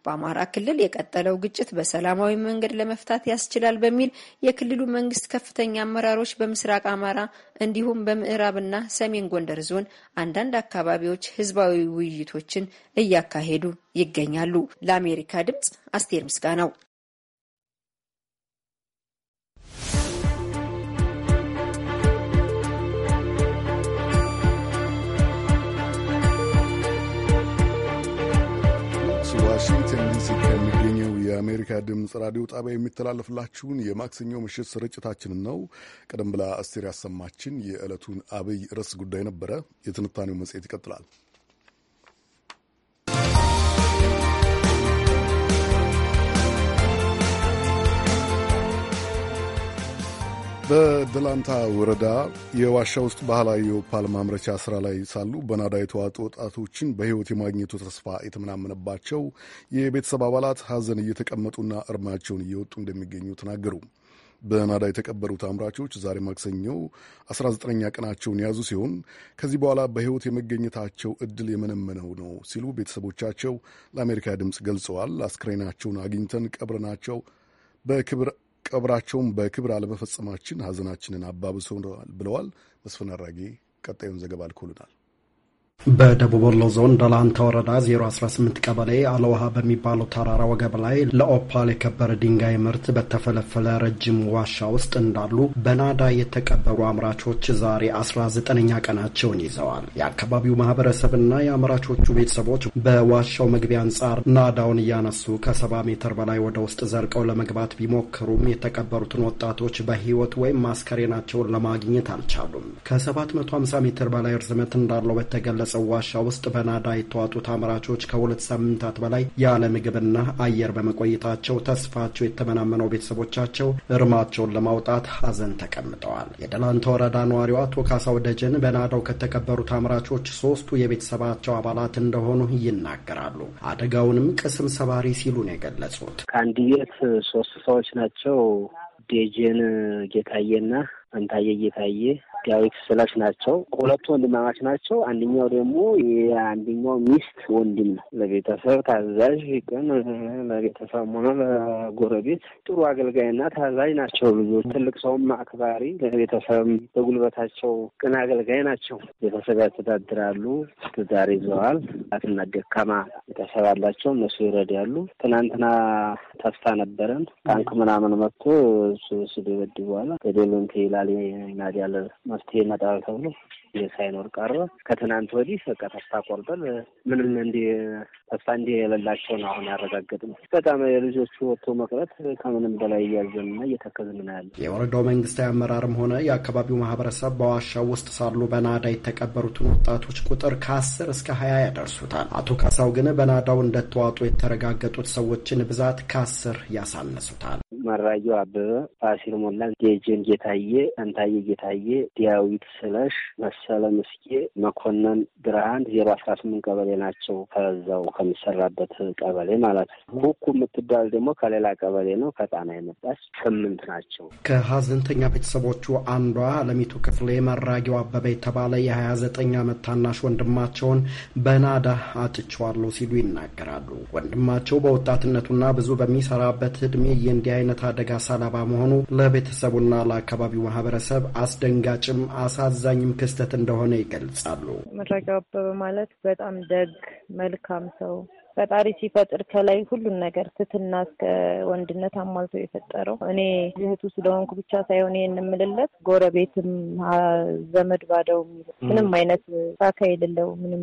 በአማራ ክልል የቀጠለው ግጭት በሰላማዊ መንገድ ለመፍታት ያስችላል በሚል የክልሉ መንግስት ከፍተኛ አመራሮች በምስራቅ አማራ እንዲሁም በምዕራብና ሰሜን ጎንደር ዞን አንዳንድ አካባቢዎች ህዝባዊ ውይይቶችን እያካሄዱ ይገኛሉ። ለአሜሪካ ድምጽ አስቴር ምስጋናው። የአሜሪካ ድምፅ ራዲዮ ጣቢያ የሚተላለፍላችሁን የማክሰኞ ምሽት ስርጭታችንን ነው። ቀደም ብላ አስቴር ያሰማችን የዕለቱን አብይ ርዕስ ጉዳይ ነበረ። የትንታኔው መጽሔት ይቀጥላል። በደላንታ ወረዳ የዋሻ ውስጥ ባህላዊ የኦፓል ማምረቻ ስራ ላይ ሳሉ በናዳ የተዋጡ ወጣቶችን በሕይወት የማግኘቱ ተስፋ የተመናመነባቸው የቤተሰብ አባላት ሐዘን እየተቀመጡና እርማቸውን እየወጡ እንደሚገኙ ተናገሩ። በናዳ የተቀበሩት አምራቾች ዛሬ ማክሰኞ 19ኛ ቀናቸውን የያዙ ሲሆን ከዚህ በኋላ በሕይወት የመገኘታቸው እድል የመነመነው ነው ሲሉ ቤተሰቦቻቸው ለአሜሪካ ድምፅ ገልጸዋል። አስክሬናቸውን አግኝተን ቀብረናቸው በክብር ቀብራቸውን በክብር አለመፈጸማችን ሀዘናችንን አባብሰው ብለዋል። መስፍን አራጌ ቀጣዩን ዘገባ ልኮልናል። በደቡብ ወሎ ዞን ደላንታ ወረዳ 018 ቀበሌ አለውሃ በሚባለው ተራራ ወገብ ላይ ለኦፓል የከበረ ድንጋይ ምርት በተፈለፈለ ረጅም ዋሻ ውስጥ እንዳሉ በናዳ የተቀበሩ አምራቾች ዛሬ 19ኛ ቀናቸውን ይዘዋል። የአካባቢው ማህበረሰብና የአምራቾቹ ቤተሰቦች በዋሻው መግቢያ አንጻር ናዳውን እያነሱ ከ ሜትር በላይ ወደ ውስጥ ዘርቀው ለመግባት ቢሞክሩም የተቀበሩትን ወጣቶች በህይወት ወይም ማስከሬናቸውን ለማግኘት አልቻሉም። ከ750 ሜትር በላይ እርዝመት እንዳለው በተገለ በሚመጽው ዋሻ ውስጥ በናዳ የተዋጡት አምራቾች ከሁለት ሳምንታት በላይ ያለ ምግብና አየር በመቆየታቸው ተስፋቸው የተመናመነው ቤተሰቦቻቸው እርማቸውን ለማውጣት ሀዘን ተቀምጠዋል። የደላንታ ወረዳ ነዋሪው አቶ ካሳው ደጀን በናዳው ከተከበሩት አምራቾች ሶስቱ የቤተሰባቸው አባላት እንደሆኑ ይናገራሉ። አደጋውንም ቅስም ሰባሪ ሲሉ ነው የገለጹት። ከአንድ ቤት ሶስት ሰዎች ናቸው። ደጀን ጌታዬና አንታየ ጌታዬ ያው ኤክስላሽ ናቸው። ሁለቱ ወንድማማች ናቸው። አንደኛው ደግሞ የአንደኛው ሚስት ወንድም ነው። ለቤተሰብ ታዛዥ ቅን፣ ለቤተሰብ ሆነ ለጎረቤት ጥሩ አገልጋይና ታዛዥ ናቸው። ብዙ ትልቅ ሰውም አክባሪ፣ ለቤተሰብ በጉልበታቸው ቅን አገልጋይ ናቸው። ቤተሰብ ያስተዳድራሉ። ትዳር ይዘዋል። አትና ደካማ ቤተሰብ አላቸው። እነሱ ይረዳሉ። ትናንትና ተስፋ ነበረን ታንክ ምናምን መጥቶ እሱ ስደበድ በኋላ ገደሉን ይላል ናድ ያለ መፍትሄ ይመጣል ተብሎ ሳይኖር ቀረ። ከትናንት ወዲህ በቃ ተስፋ ቆርጠን ምንም እንዲ ተስፋ እንዲ የሌላቸው አሁን ያረጋገጥ ነው። በጣም የልጆቹ ወጥቶ መቅረት ከምንም በላይ እያዘንና እየተከዝን ነው ያለ የወረዳው መንግስታዊ አመራርም ሆነ የአካባቢው ማህበረሰብ በዋሻው ውስጥ ሳሉ በናዳ የተቀበሩትን ወጣቶች ቁጥር ከአስር እስከ ሀያ ያደርሱታል። አቶ ካሳው ግን በናዳው እንደተዋጡ የተረጋገጡት ሰዎችን ብዛት ከአስር ያሳነሱታል። መራየው አበበ፣ ፋሲል ሞላ፣ ጌጅን ጌታዬ፣ አንታዬ ጌታዬ፣ ዲያዊት ስለሽ መሰለ ምስጌ መኮንን ብርሃን ዜሮ አስራ ስምንት ቀበሌ ናቸው። ከዛው ከሚሰራበት ቀበሌ ማለት ነው። ቡኩ የምትባል ደግሞ ከሌላ ቀበሌ ነው፣ ከጣና የመጣች ስምንት ናቸው። ከሀዘንተኛ ቤተሰቦቹ አንዷ አለሚቱ ክፍሌ መራጊው አበበ የተባለ የሀያ ዘጠኝ ዓመት ታናሽ ወንድማቸውን በናዳ አጥቸዋለሁ ሲሉ ይናገራሉ። ወንድማቸው በወጣትነቱና ብዙ በሚሰራበት እድሜ የእንዲህ አይነት አደጋ ሰለባ መሆኑ ለቤተሰቡና ለአካባቢው ማህበረሰብ አስደንጋጭ አስደንጋጭም አሳዛኝም ክስተት እንደሆነ ይገልጻሉ። ምረጋ አበበ ማለት በጣም ደግ መልካም ሰው ፈጣሪ ሲፈጥር ከላይ ሁሉን ነገር ትትና እስከ ወንድነት አሟልቶ የፈጠረው እኔ እህቱ ስለሆንኩ ብቻ ሳይሆን ይህን የምልለት ጎረቤትም ዘመድ ባደው ምንም አይነት ሳካ የሌለው ምንም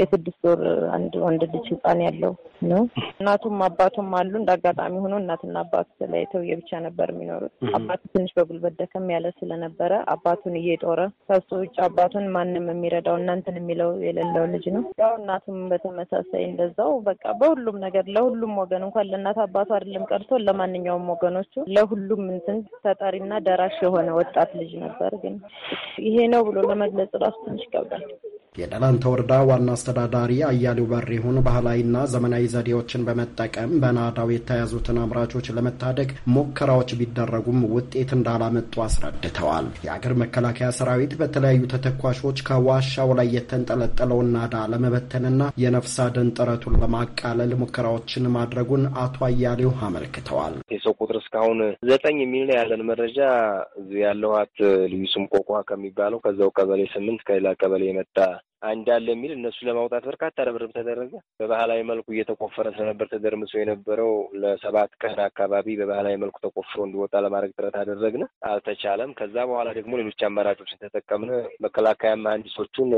የስድስት ወር አንድ ወንድ ልጅ ህፃን ያለው ነው። እናቱም አባቱም አሉ። እንደ አጋጣሚ ሆኖ እናትና አባቱ ተለያይተው የብቻ ነበር የሚኖሩት። አባቱ ትንሽ በጉልበት ደከም ያለ ስለነበረ አባቱን እየጦረ ከሱ ውጭ አባቱን ማንም የሚረዳው እናንተን የሚለው የሌለው ልጅ ነው። ያው እናቱም በተመሳሳይ እንደዛው በቃ በሁሉም ነገር ለሁሉም ወገን እንኳን ለእናት አባቱ አይደለም ቀርቶ ለማንኛውም ወገኖቹ ለሁሉም እንትን ተጠሪና ደራሽ የሆነ ወጣት ልጅ ነበር። ግን ይሄ ነው ብሎ ለመግለጽ ራሱ ትንሽ ይከብዳል። የደላንተ ወረዳ ዋና አስተዳዳሪ አያሌው በሪሁን ባህላዊና ዘመናዊ ዘዴዎችን በመጠቀም በናዳው የተያዙትን አምራቾች ለመታደግ ሙከራዎች ቢደረጉም ውጤት እንዳላመጡ አስረድተዋል። የአገር መከላከያ ሰራዊት በተለያዩ ተተኳሾች ከዋሻው ላይ የተንጠለጠለውን ናዳ ለመበተንና የነፍስ አድን ጥረቱን ለማ ለማቃለል ሙከራዎችን ማድረጉን አቶ አያሌው አመልክተዋል። የሰው ቁጥር እስካሁን ዘጠኝ የሚል ነው ያለን መረጃ። እዚሁ ያለኋት ልዩ ስም ቆቋ ከሚባለው ከዛው ቀበሌ ስምንት ከሌላ ቀበሌ የመጣ እንዳለ የሚል እነሱ ለማውጣት በርካታ ርብርብ ተደረገ። በባህላዊ መልኩ እየተቆፈረ ስለነበር ተደርምሶ የነበረው ለሰባት ቀን አካባቢ በባህላዊ መልኩ ተቆፍሮ እንዲወጣ ለማድረግ ጥረት አደረግን፣ አልተቻለም። ከዛ በኋላ ደግሞ ሌሎች አማራጮችን ተጠቀምን። መከላከያ መሀንዲሶቹን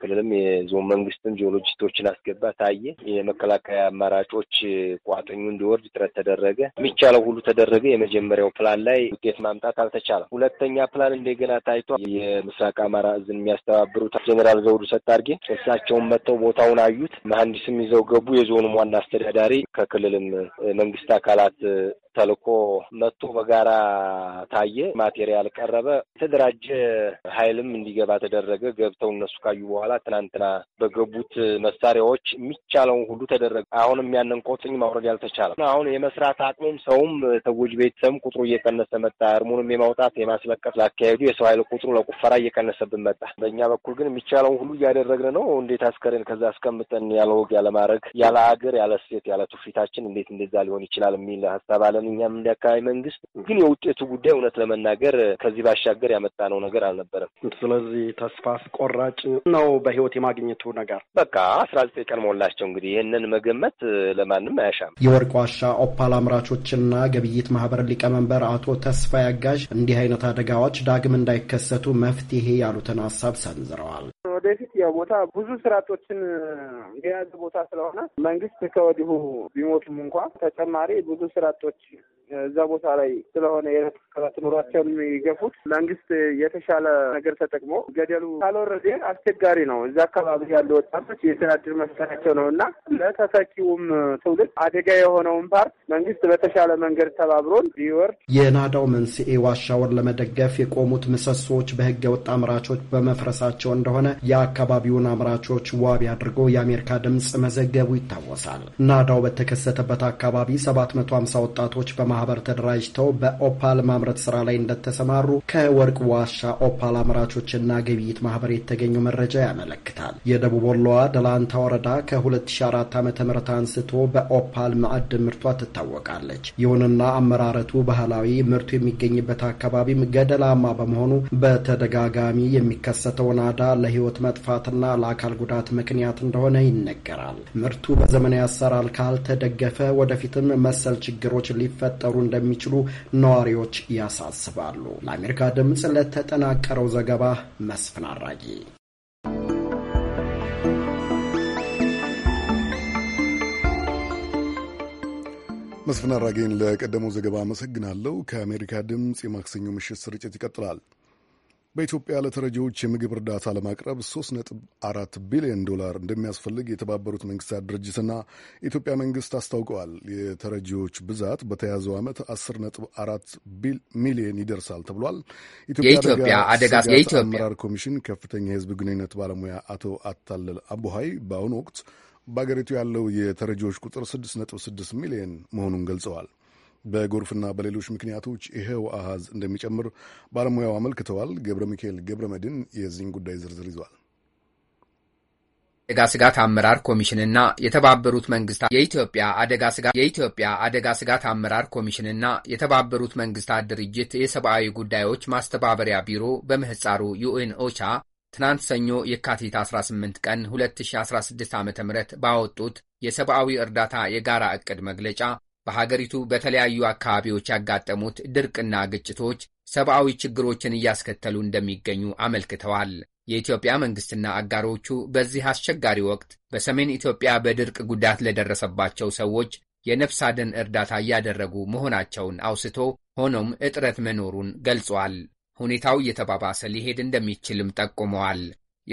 ክልልም የዞን መንግስትም ጂኦሎጂስቶችን አስገባ ታየ። የመከላከያ አማራጮች ቋጥኙ እንዲወርድ ጥረት ተደረገ። የሚቻለው ሁሉ ተደረገ። የመጀመሪያው ፕላን ላይ ውጤት ማምጣት አልተቻለም። ሁለተኛ ፕላን እንደገና ታይቶ የምስራቅ አማራ እዝን የሚያስተባብሩት ጀኔራል ዘውዱ ሰጠ አርጌ እሳቸውም መጥተው ቦታውን አዩት። መሀንዲስም ይዘው ገቡ። የዞኑም ዋና አስተዳዳሪ ከክልልም መንግስት አካላት ተልኮ መጥቶ በጋራ ታየ። ማቴሪያል ቀረበ። የተደራጀ ኃይልም እንዲገባ ተደረገ። ገብተው እነሱ ካዩ በኋላ ትናንትና በገቡት መሳሪያዎች የሚቻለውን ሁሉ ተደረገ። አሁንም ያንን ቆጥኝ ማውረድ ያልተቻለ አሁን የመስራት አቅሙም ሰውም ተጎጂ ቤተሰብም ቁጥሩ እየቀነሰ መጣ። እርሙንም የማውጣት የማስለቀፍ ላካሄዱ የሰው ኃይል ቁጥሩ ለቁፈራ እየቀነሰብን መጣ። በእኛ በኩል ግን የሚቻለውን ሁሉ እያደ እያደረግን ነው። እንዴት አስከሬን ከዛ አስቀምጠን ያለ ወግ ያለ ማድረግ ያለ አገር ያለ እሴት ያለ ትውፊታችን እንዴት እንደዛ ሊሆን ይችላል የሚል ሀሳብ አለን። እኛም እንደ አካባቢ መንግስት ግን የውጤቱ ጉዳይ እውነት ለመናገር ከዚህ ባሻገር ያመጣነው ነገር አልነበረም። ስለዚህ ተስፋ አስቆራጭ ነው በህይወት የማግኘቱ ነገር። በቃ አስራ ዘጠኝ ቀን ሞላቸው እንግዲህ ይህንን መገመት ለማንም አያሻም። የወርቅ ዋሻ ኦፓል አምራቾችና ግብይት ማህበር ሊቀመንበር አቶ ተስፋ ያጋዥ እንዲህ አይነት አደጋዎች ዳግም እንዳይከሰቱ መፍትሄ ያሉትን ሀሳብ ሰንዝረዋል። ወደፊት ያው ቦታ ብዙ ስርዓቶችን የያዘ ቦታ ስለሆነ መንግስት ከወዲሁ ቢሞቱም እንኳ ተጨማሪ ብዙ ስርዓቶች እዛ ቦታ ላይ ስለሆነ ኑሯቸውን የሚገፉት መንግስት የተሻለ ነገር ተጠቅሞ ገደሉ ካልወረደ አስቸጋሪ ነው። እዛ አካባቢ ያሉ ወጣቶች የስራ እድል መፍጠራቸው ነው እና ለተተኪውም ትውልድ አደጋ የሆነውን ፓርት መንግስት በተሻለ መንገድ ተባብሮን ቢወርድ። የናዳው መንስኤ ዋሻውን ለመደገፍ የቆሙት ምሰሶዎች በህገ ወጥ አምራቾች በመፍረሳቸው እንደሆነ የአካባቢውን አምራቾች ዋቢ አድርጎ የአሜሪካ ድምፅ መዘገቡ ይታወሳል። ናዳው በተከሰተበት አካባቢ 750 ወጣቶች በማህበር ተደራጅተው በኦፓል የማምረት ስራ ላይ እንደተሰማሩ ከወርቅ ዋሻ ኦፓል አምራቾችና ግብይት ማህበር የተገኘው መረጃ ያመለክታል። የደቡብ ወሎዋ ደላንታ ወረዳ ከ2004 ዓ ም አንስቶ በኦፓል ማዕድን ምርቷ ትታወቃለች። ይሁንና አመራረቱ ባህላዊ፣ ምርቱ የሚገኝበት አካባቢም ገደላማ በመሆኑ በተደጋጋሚ የሚከሰተው ናዳ ለህይወት መጥፋትና ለአካል ጉዳት ምክንያት እንደሆነ ይነገራል። ምርቱ በዘመናዊ አሰራር ካልተደገፈ ወደፊትም መሰል ችግሮች ሊፈጠሩ እንደሚችሉ ነዋሪዎች ያሳስባሉ። ለአሜሪካ ድምፅ ለተጠናቀረው ዘገባ መስፍን አራጊ መስፍን አራጌን ለቀደመው ዘገባ አመሰግናለሁ። ከአሜሪካ ድምፅ የማክሰኞ ምሽት ስርጭት ይቀጥላል። በኢትዮጵያ ለተረጂዎች የምግብ እርዳታ ለማቅረብ 3.4 ቢሊዮን ዶላር እንደሚያስፈልግ የተባበሩት መንግስታት ድርጅትና የኢትዮጵያ መንግስት አስታውቀዋል። የተረጂዎች ብዛት በተያዘው ዓመት 10.4 ሚሊዮን ይደርሳል ተብሏል። የኢትዮጵያ አደጋ ስጋት አመራር ኮሚሽን ከፍተኛ የህዝብ ግንኙነት ባለሙያ አቶ አታለል አቡሃይ በአሁኑ ወቅት በአገሪቱ ያለው የተረጂዎች ቁጥር 6.6 ሚሊዮን መሆኑን ገልጸዋል። በጎርፍና በሌሎች ምክንያቶች ይሄው አሃዝ እንደሚጨምር ባለሙያው አመልክተዋል። ገብረ ሚካኤል ገብረ መድን የዚህን ጉዳይ ዝርዝር ይዟል። አደጋ ስጋት አመራር ኮሚሽንና የተባበሩት መንግስታት የኢትዮጵያ አደጋ ስጋት የኢትዮጵያ አደጋ ስጋት አመራር ኮሚሽንና የተባበሩት መንግስታት ድርጅት የሰብአዊ ጉዳዮች ማስተባበሪያ ቢሮ በምህፃሩ ዩኤን ኦቻ ትናንት ሰኞ የካቲት 18 ቀን 2016 ዓ ም ባወጡት የሰብአዊ እርዳታ የጋራ እቅድ መግለጫ በሀገሪቱ በተለያዩ አካባቢዎች ያጋጠሙት ድርቅና ግጭቶች ሰብአዊ ችግሮችን እያስከተሉ እንደሚገኙ አመልክተዋል። የኢትዮጵያ መንግሥትና አጋሮቹ በዚህ አስቸጋሪ ወቅት በሰሜን ኢትዮጵያ በድርቅ ጉዳት ለደረሰባቸው ሰዎች የነፍስ አድን እርዳታ እያደረጉ መሆናቸውን አውስቶ ሆኖም እጥረት መኖሩን ገልጿል። ሁኔታው እየተባባሰ ሊሄድ እንደሚችልም ጠቁመዋል።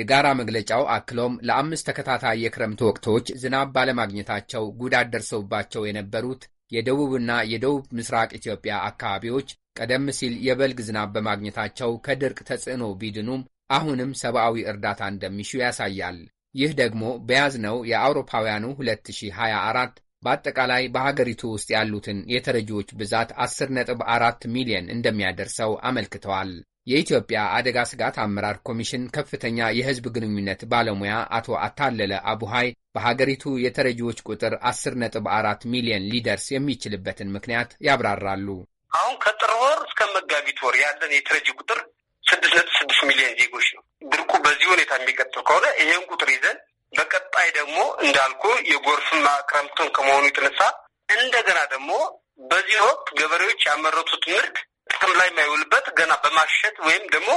የጋራ መግለጫው አክሎም ለአምስት ተከታታይ የክረምት ወቅቶች ዝናብ ባለማግኘታቸው ጉዳት ደርሰውባቸው የነበሩት የደቡብና የደቡብ ምስራቅ ኢትዮጵያ አካባቢዎች ቀደም ሲል የበልግ ዝናብ በማግኘታቸው ከድርቅ ተጽዕኖ ቢድኑም አሁንም ሰብአዊ እርዳታ እንደሚሹ ያሳያል። ይህ ደግሞ በያዝነው የአውሮፓውያኑ 2024 በአጠቃላይ በሀገሪቱ ውስጥ ያሉትን የተረጂዎች ብዛት 10.4 ሚሊዮን እንደሚያደርሰው አመልክተዋል። የኢትዮጵያ አደጋ ስጋት አመራር ኮሚሽን ከፍተኛ የህዝብ ግንኙነት ባለሙያ አቶ አታለለ አቡሃይ በሀገሪቱ የተረጂዎች ቁጥር 10.4 ሚሊዮን ሊደርስ የሚችልበትን ምክንያት ያብራራሉ። አሁን ከጥር ወር እስከ መጋቢት ወር ያለን የተረጂ ቁጥር ስድስት ነጥብ ስድስት ሚሊዮን ዜጎች ነው። ድርቁ በዚህ ሁኔታ የሚቀጥል ከሆነ ይህን ቁጥር ይዘን በቀጣይ ደግሞ እንዳልኩ የጎርፍና ክረምቱን ከመሆኑ የተነሳ እንደገና ደግሞ በዚህ ወቅት ገበሬዎች ያመረቱት ምርት ጥቅም ላይ የማይውልበት ገና በማሸት ወይም ደግሞ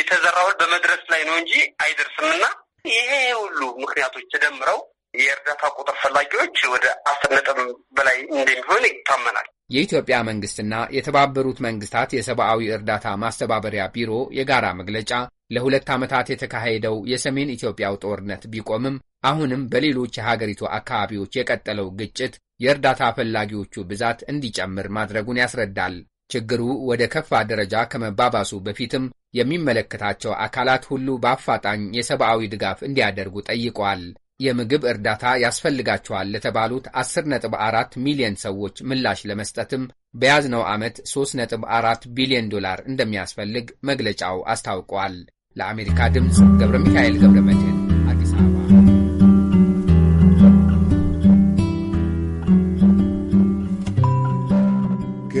የተዘራውን በመድረስ ላይ ነው እንጂ አይደርስም እና ይሄ ሁሉ ምክንያቶች ተደምረው የእርዳታ ቁጥር ፈላጊዎች ወደ አስር ነጥብ በላይ እንደሚሆን ይታመናል። የኢትዮጵያ መንግስትና የተባበሩት መንግስታት የሰብአዊ እርዳታ ማስተባበሪያ ቢሮ የጋራ መግለጫ ለሁለት ዓመታት የተካሄደው የሰሜን ኢትዮጵያው ጦርነት ቢቆምም አሁንም በሌሎች የሀገሪቱ አካባቢዎች የቀጠለው ግጭት የእርዳታ ፈላጊዎቹ ብዛት እንዲጨምር ማድረጉን ያስረዳል። ችግሩ ወደ ከፋ ደረጃ ከመባባሱ በፊትም የሚመለከታቸው አካላት ሁሉ በአፋጣኝ የሰብአዊ ድጋፍ እንዲያደርጉ ጠይቀዋል። የምግብ እርዳታ ያስፈልጋቸዋል ለተባሉት 10.4 ሚሊዮን ሰዎች ምላሽ ለመስጠትም በያዝነው ዓመት 3.4 ቢሊዮን ዶላር እንደሚያስፈልግ መግለጫው አስታውቋል። ለአሜሪካ ድምፅ ገብረ ሚካኤል ገብረ መድህን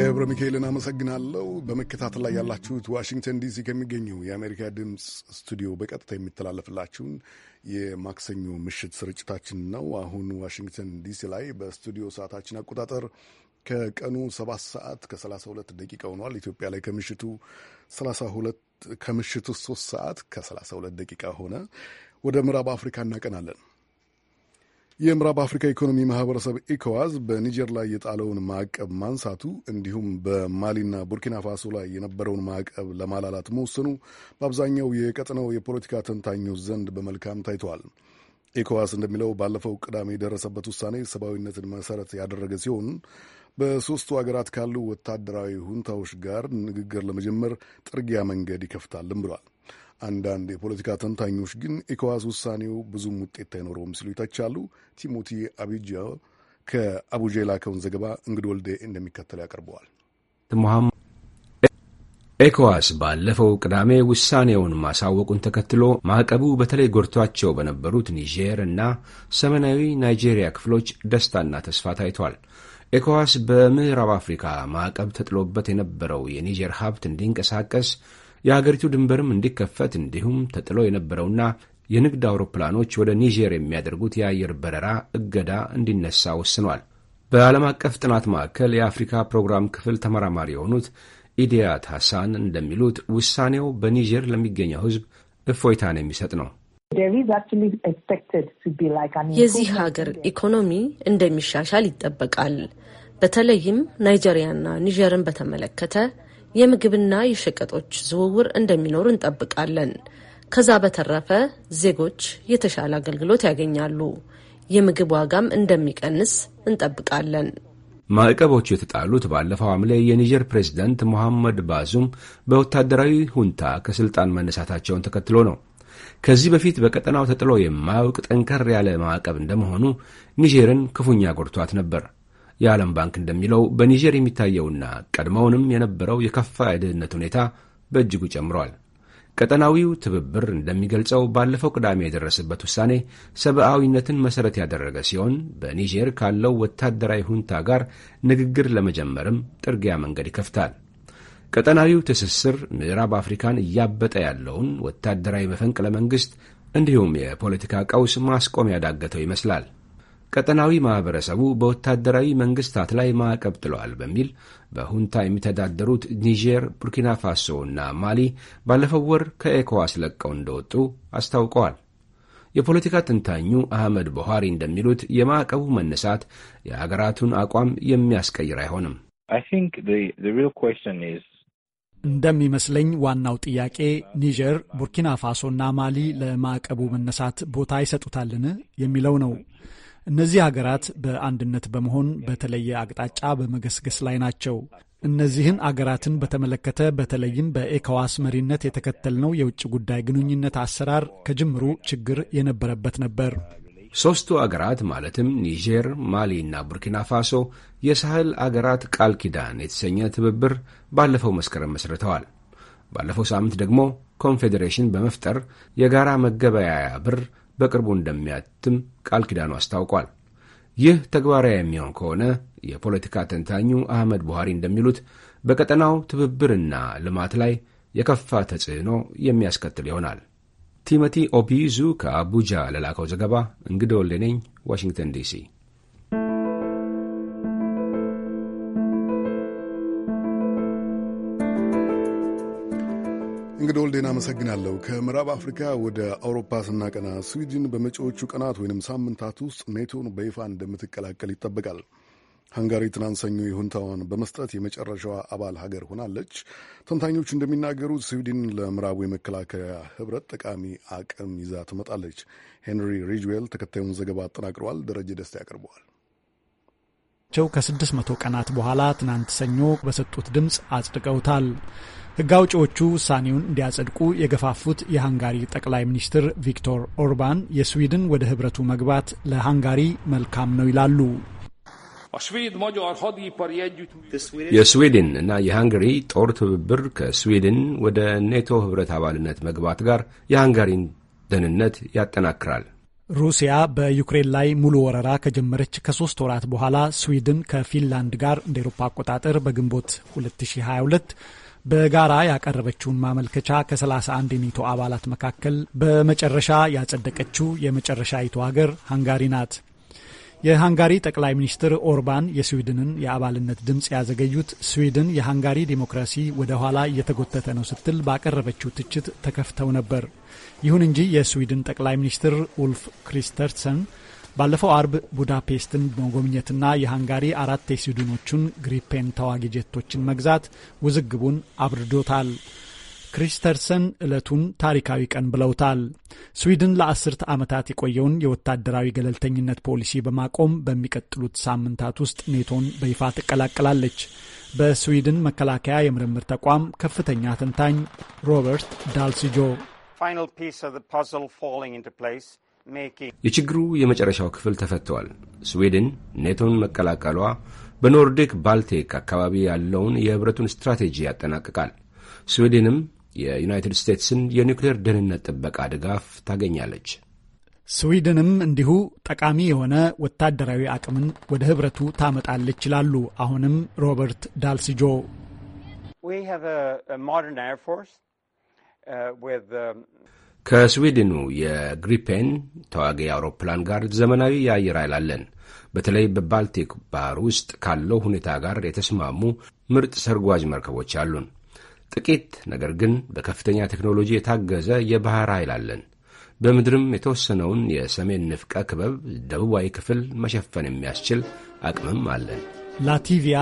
ገብረ ሚካኤልን አመሰግናለሁ። በመከታተል ላይ ያላችሁት ዋሽንግተን ዲሲ ከሚገኘው የአሜሪካ ድምፅ ስቱዲዮ በቀጥታ የሚተላለፍላችሁን የማክሰኞ ምሽት ስርጭታችን ነው። አሁን ዋሽንግተን ዲሲ ላይ በስቱዲዮ ሰዓታችን አቆጣጠር ከቀኑ 7 ሰዓት ከ32 ደቂቃ ሆኗል። ኢትዮጵያ ላይ ከምሽቱ 32 ከምሽቱ 3 ሰዓት ከ32 ደቂቃ ሆነ። ወደ ምዕራብ አፍሪካ እናቀናለን። የምዕራብ አፍሪካ ኢኮኖሚ ማህበረሰብ ኢኮዋዝ በኒጀር ላይ የጣለውን ማዕቀብ ማንሳቱ እንዲሁም በማሊና ቡርኪና ፋሶ ላይ የነበረውን ማዕቀብ ለማላላት መወሰኑ በአብዛኛው የቀጠናው የፖለቲካ ተንታኞች ዘንድ በመልካም ታይተዋል። ኢኮዋስ እንደሚለው ባለፈው ቅዳሜ የደረሰበት ውሳኔ ሰብአዊነትን መሰረት ያደረገ ሲሆን በሦስቱ አገራት ካሉ ወታደራዊ ሁንታዎች ጋር ንግግር ለመጀመር ጥርጊያ መንገድ ይከፍታልም ብሏል። አንዳንድ የፖለቲካ ተንታኞች ግን ኢኮዋስ ውሳኔው ብዙም ውጤት አይኖረውም ሲሉ ይተቻሉ። ቲሞቲ አቢጃ ከአቡጃ የላከውን ዘገባ እንግድ ወልዴ እንደሚከተል ያቀርበዋል። ኤኮዋስ ባለፈው ቅዳሜ ውሳኔውን ማሳወቁን ተከትሎ ማዕቀቡ በተለይ ጎድቷቸው በነበሩት ኒጀር እና ሰሜናዊ ናይጄሪያ ክፍሎች ደስታና ተስፋ ታይቷል። ኤኮዋስ በምዕራብ አፍሪካ ማዕቀብ ተጥሎበት የነበረው የኒጀር ሀብት እንዲንቀሳቀስ የሀገሪቱ ድንበርም እንዲከፈት እንዲሁም ተጥሎ የነበረውና የንግድ አውሮፕላኖች ወደ ኒጀር የሚያደርጉት የአየር በረራ እገዳ እንዲነሳ ወስኗል። በዓለም አቀፍ ጥናት ማዕከል የአፍሪካ ፕሮግራም ክፍል ተመራማሪ የሆኑት ኢዲያት ሐሳን እንደሚሉት ውሳኔው በኒጀር ለሚገኘው ሕዝብ እፎይታን የሚሰጥ ነው። የዚህ ሀገር ኢኮኖሚ እንደሚሻሻል ይጠበቃል። በተለይም ናይጀሪያና ኒጀርን በተመለከተ የምግብና የሸቀጦች ዝውውር እንደሚኖር እንጠብቃለን። ከዛ በተረፈ ዜጎች የተሻለ አገልግሎት ያገኛሉ። የምግብ ዋጋም እንደሚቀንስ እንጠብቃለን። ማዕቀቦቹ የተጣሉት ባለፈው ሐምሌ የኒጀር ፕሬዚደንት ሞሐመድ ባዙም በወታደራዊ ሁንታ ከሥልጣን መነሳታቸውን ተከትሎ ነው። ከዚህ በፊት በቀጠናው ተጥሎ የማያውቅ ጠንከር ያለ ማዕቀብ እንደመሆኑ ኒጀርን ክፉኛ ጎድቷት ነበር። የዓለም ባንክ እንደሚለው በኒጀር የሚታየውና ቀድሞውንም የነበረው የከፋ የድህነት ሁኔታ በእጅጉ ጨምሯል። ቀጠናዊው ትብብር እንደሚገልጸው ባለፈው ቅዳሜ የደረሰበት ውሳኔ ሰብአዊነትን መሠረት ያደረገ ሲሆን በኒጀር ካለው ወታደራዊ ሁንታ ጋር ንግግር ለመጀመርም ጥርጊያ መንገድ ይከፍታል። ቀጠናዊው ትስስር ምዕራብ አፍሪካን እያበጠ ያለውን ወታደራዊ መፈንቅለ መንግሥት እንዲሁም የፖለቲካ ቀውስ ማስቆም ያዳገተው ይመስላል። ቀጠናዊ ማኅበረሰቡ በወታደራዊ መንግሥታት ላይ ማዕቀብ ጥለዋል በሚል በሁንታ የሚተዳደሩት ኒጀር፣ ቡርኪና ፋሶ እና ማሊ ባለፈው ወር ከኤኮዋስ ለቀው እንደወጡ አስታውቀዋል። የፖለቲካ ትንታኙ አህመድ ቡሃሪ እንደሚሉት የማዕቀቡ መነሳት የአገራቱን አቋም የሚያስቀይር አይሆንም። እንደሚመስለኝ ዋናው ጥያቄ ኒጀር፣ ቡርኪና ፋሶ እና ማሊ ለማዕቀቡ መነሳት ቦታ ይሰጡታልን የሚለው ነው። እነዚህ ሀገራት በአንድነት በመሆን በተለየ አቅጣጫ በመገስገስ ላይ ናቸው። እነዚህን አገራትን በተመለከተ በተለይም በኤካዋስ መሪነት የተከተልነው የውጭ ጉዳይ ግንኙነት አሰራር ከጅምሩ ችግር የነበረበት ነበር። ሦስቱ አገራት ማለትም ኒጀር፣ ማሊ እና ቡርኪና ፋሶ የሳህል አገራት ቃል ኪዳን የተሰኘ ትብብር ባለፈው መስከረም መስርተዋል። ባለፈው ሳምንት ደግሞ ኮንፌዴሬሽን በመፍጠር የጋራ መገበያያ ብር በቅርቡ እንደሚያትም ቃል ኪዳኑ አስታውቋል። ይህ ተግባራዊ የሚሆን ከሆነ የፖለቲካ ተንታኙ አህመድ ቡሃሪ እንደሚሉት በቀጠናው ትብብርና ልማት ላይ የከፋ ተጽዕኖ የሚያስከትል ይሆናል። ቲሞቲ ኦቢዙ ከአቡጃ ለላከው ዘገባ እንግዶ ሌነኝ ዋሽንግተን ዲሲ እንግዲህ ወልዴን አመሰግናለሁ። ከምዕራብ አፍሪካ ወደ አውሮፓ ስናቀና ስዊድን በመጪዎቹ ቀናት ወይም ሳምንታት ውስጥ ኔቶን በይፋ እንደምትቀላቀል ይጠበቃል። ሃንጋሪ ትናንት ሰኞ ይሁንታዋን በመስጠት የመጨረሻዋ አባል ሀገር ሆናለች። ተንታኞቹ እንደሚናገሩት ስዊድን ለምዕራቡ የመከላከያ ህብረት ጠቃሚ አቅም ይዛ ትመጣለች። ሄንሪ ሪጅዌል ተከታዩን ዘገባ አጠናቅረዋል። ደረጀ ደስታ ያቀርበዋል። ቸው ከስድስት መቶ ቀናት በኋላ ትናንት ሰኞ በሰጡት ድምፅ አጽድቀውታል። ሕግ አውጪዎቹ ውሳኔውን እንዲያጸድቁ የገፋፉት የሃንጋሪ ጠቅላይ ሚኒስትር ቪክቶር ኦርባን የስዊድን ወደ ህብረቱ መግባት ለሃንጋሪ መልካም ነው ይላሉ። የስዊድን እና የሃንጋሪ ጦር ትብብር ከስዊድን ወደ ኔቶ ህብረት አባልነት መግባት ጋር የሃንጋሪን ደህንነት ያጠናክራል። ሩሲያ በዩክሬን ላይ ሙሉ ወረራ ከጀመረች ከሶስት ወራት በኋላ ስዊድን ከፊንላንድ ጋር እንደ ኤሮፓ አቆጣጠር በግንቦት 2022 በጋራ ያቀረበችውን ማመልከቻ ከ31 የኔቶ አባላት መካከል በመጨረሻ ያጸደቀችው የመጨረሻይቱ ሀገር ሃንጋሪ ናት። የሃንጋሪ ጠቅላይ ሚኒስትር ኦርባን የስዊድንን የአባልነት ድምፅ ያዘገዩት ስዊድን የሃንጋሪ ዲሞክራሲ ወደ ኋላ እየተጎተተ ነው ስትል ባቀረበችው ትችት ተከፍተው ነበር። ይሁን እንጂ የስዊድን ጠቅላይ ሚኒስትር ኡልፍ ክሪስተርሰን ባለፈው አርብ ቡዳፔስትን መጎብኘትና የሃንጋሪ አራት የስዊድኖቹን ግሪፔን ተዋጊ ጀቶችን መግዛት ውዝግቡን አብርዶታል። ክሪስተርሰን ዕለቱን ታሪካዊ ቀን ብለውታል። ስዊድን ለአስርተ ዓመታት የቆየውን የወታደራዊ ገለልተኝነት ፖሊሲ በማቆም በሚቀጥሉት ሳምንታት ውስጥ ኔቶን በይፋ ትቀላቀላለች። በስዊድን መከላከያ የምርምር ተቋም ከፍተኛ ተንታኝ ሮበርት ዳልሲጆ የችግሩ የመጨረሻው ክፍል ተፈተዋል። ስዊድን ኔቶን መቀላቀሏ በኖርዲክ ባልቲክ አካባቢ ያለውን የህብረቱን ስትራቴጂ ያጠናቅቃል። ስዊድንም የዩናይትድ ስቴትስን የኒውክሌር ደህንነት ጥበቃ ድጋፍ ታገኛለች። ስዊድንም እንዲሁ ጠቃሚ የሆነ ወታደራዊ አቅምን ወደ ህብረቱ ታመጣለች ይላሉ አሁንም ሮበርት ዳልስጆ። ከስዊድኑ የግሪፔን ተዋጊ አውሮፕላን ጋር ዘመናዊ የአየር ኃይል አለን። በተለይ በባልቲክ ባህር ውስጥ ካለው ሁኔታ ጋር የተስማሙ ምርጥ ሰርጓጅ መርከቦች አሉን። ጥቂት ነገር ግን በከፍተኛ ቴክኖሎጂ የታገዘ የባህር ኃይል አለን። በምድርም የተወሰነውን የሰሜን ንፍቀ ክበብ ደቡባዊ ክፍል መሸፈን የሚያስችል አቅምም አለን። ላቲቪያ፣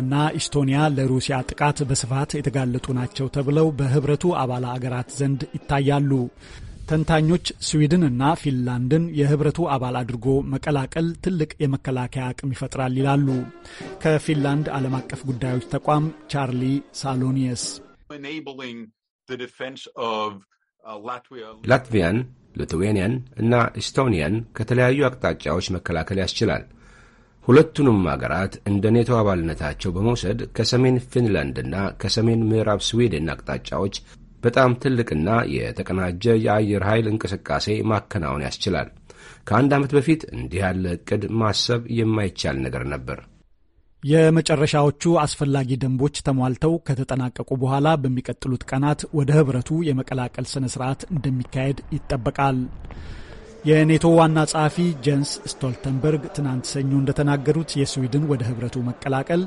እና ኢስቶኒያ ለሩሲያ ጥቃት በስፋት የተጋለጡ ናቸው ተብለው በህብረቱ አባል አገራት ዘንድ ይታያሉ። ተንታኞች ስዊድን እና ፊንላንድን የህብረቱ አባል አድርጎ መቀላቀል ትልቅ የመከላከያ አቅም ይፈጥራል ይላሉ። ከፊንላንድ ዓለም አቀፍ ጉዳዮች ተቋም ቻርሊ ሳሎኒየስ uh, ላትቪያን፣ ሊቱዌኒያን እና ኢስቶኒያን ከተለያዩ አቅጣጫዎች መከላከል ያስችላል። ሁለቱንም አገራት እንደ ኔቶ አባልነታቸው በመውሰድ ከሰሜን ፊንላንድና ከሰሜን ምዕራብ ስዊድን አቅጣጫዎች በጣም ትልቅና የተቀናጀ የአየር ኃይል እንቅስቃሴ ማከናወን ያስችላል። ከአንድ ዓመት በፊት እንዲህ ያለ ዕቅድ ማሰብ የማይቻል ነገር ነበር። የመጨረሻዎቹ አስፈላጊ ደንቦች ተሟልተው ከተጠናቀቁ በኋላ በሚቀጥሉት ቀናት ወደ ህብረቱ የመቀላቀል ስነ ሥርዓት እንደሚካሄድ ይጠበቃል። የኔቶ ዋና ጸሐፊ ጀንስ ስቶልተንበርግ ትናንት ሰኞ እንደተናገሩት የስዊድን ወደ ህብረቱ መቀላቀል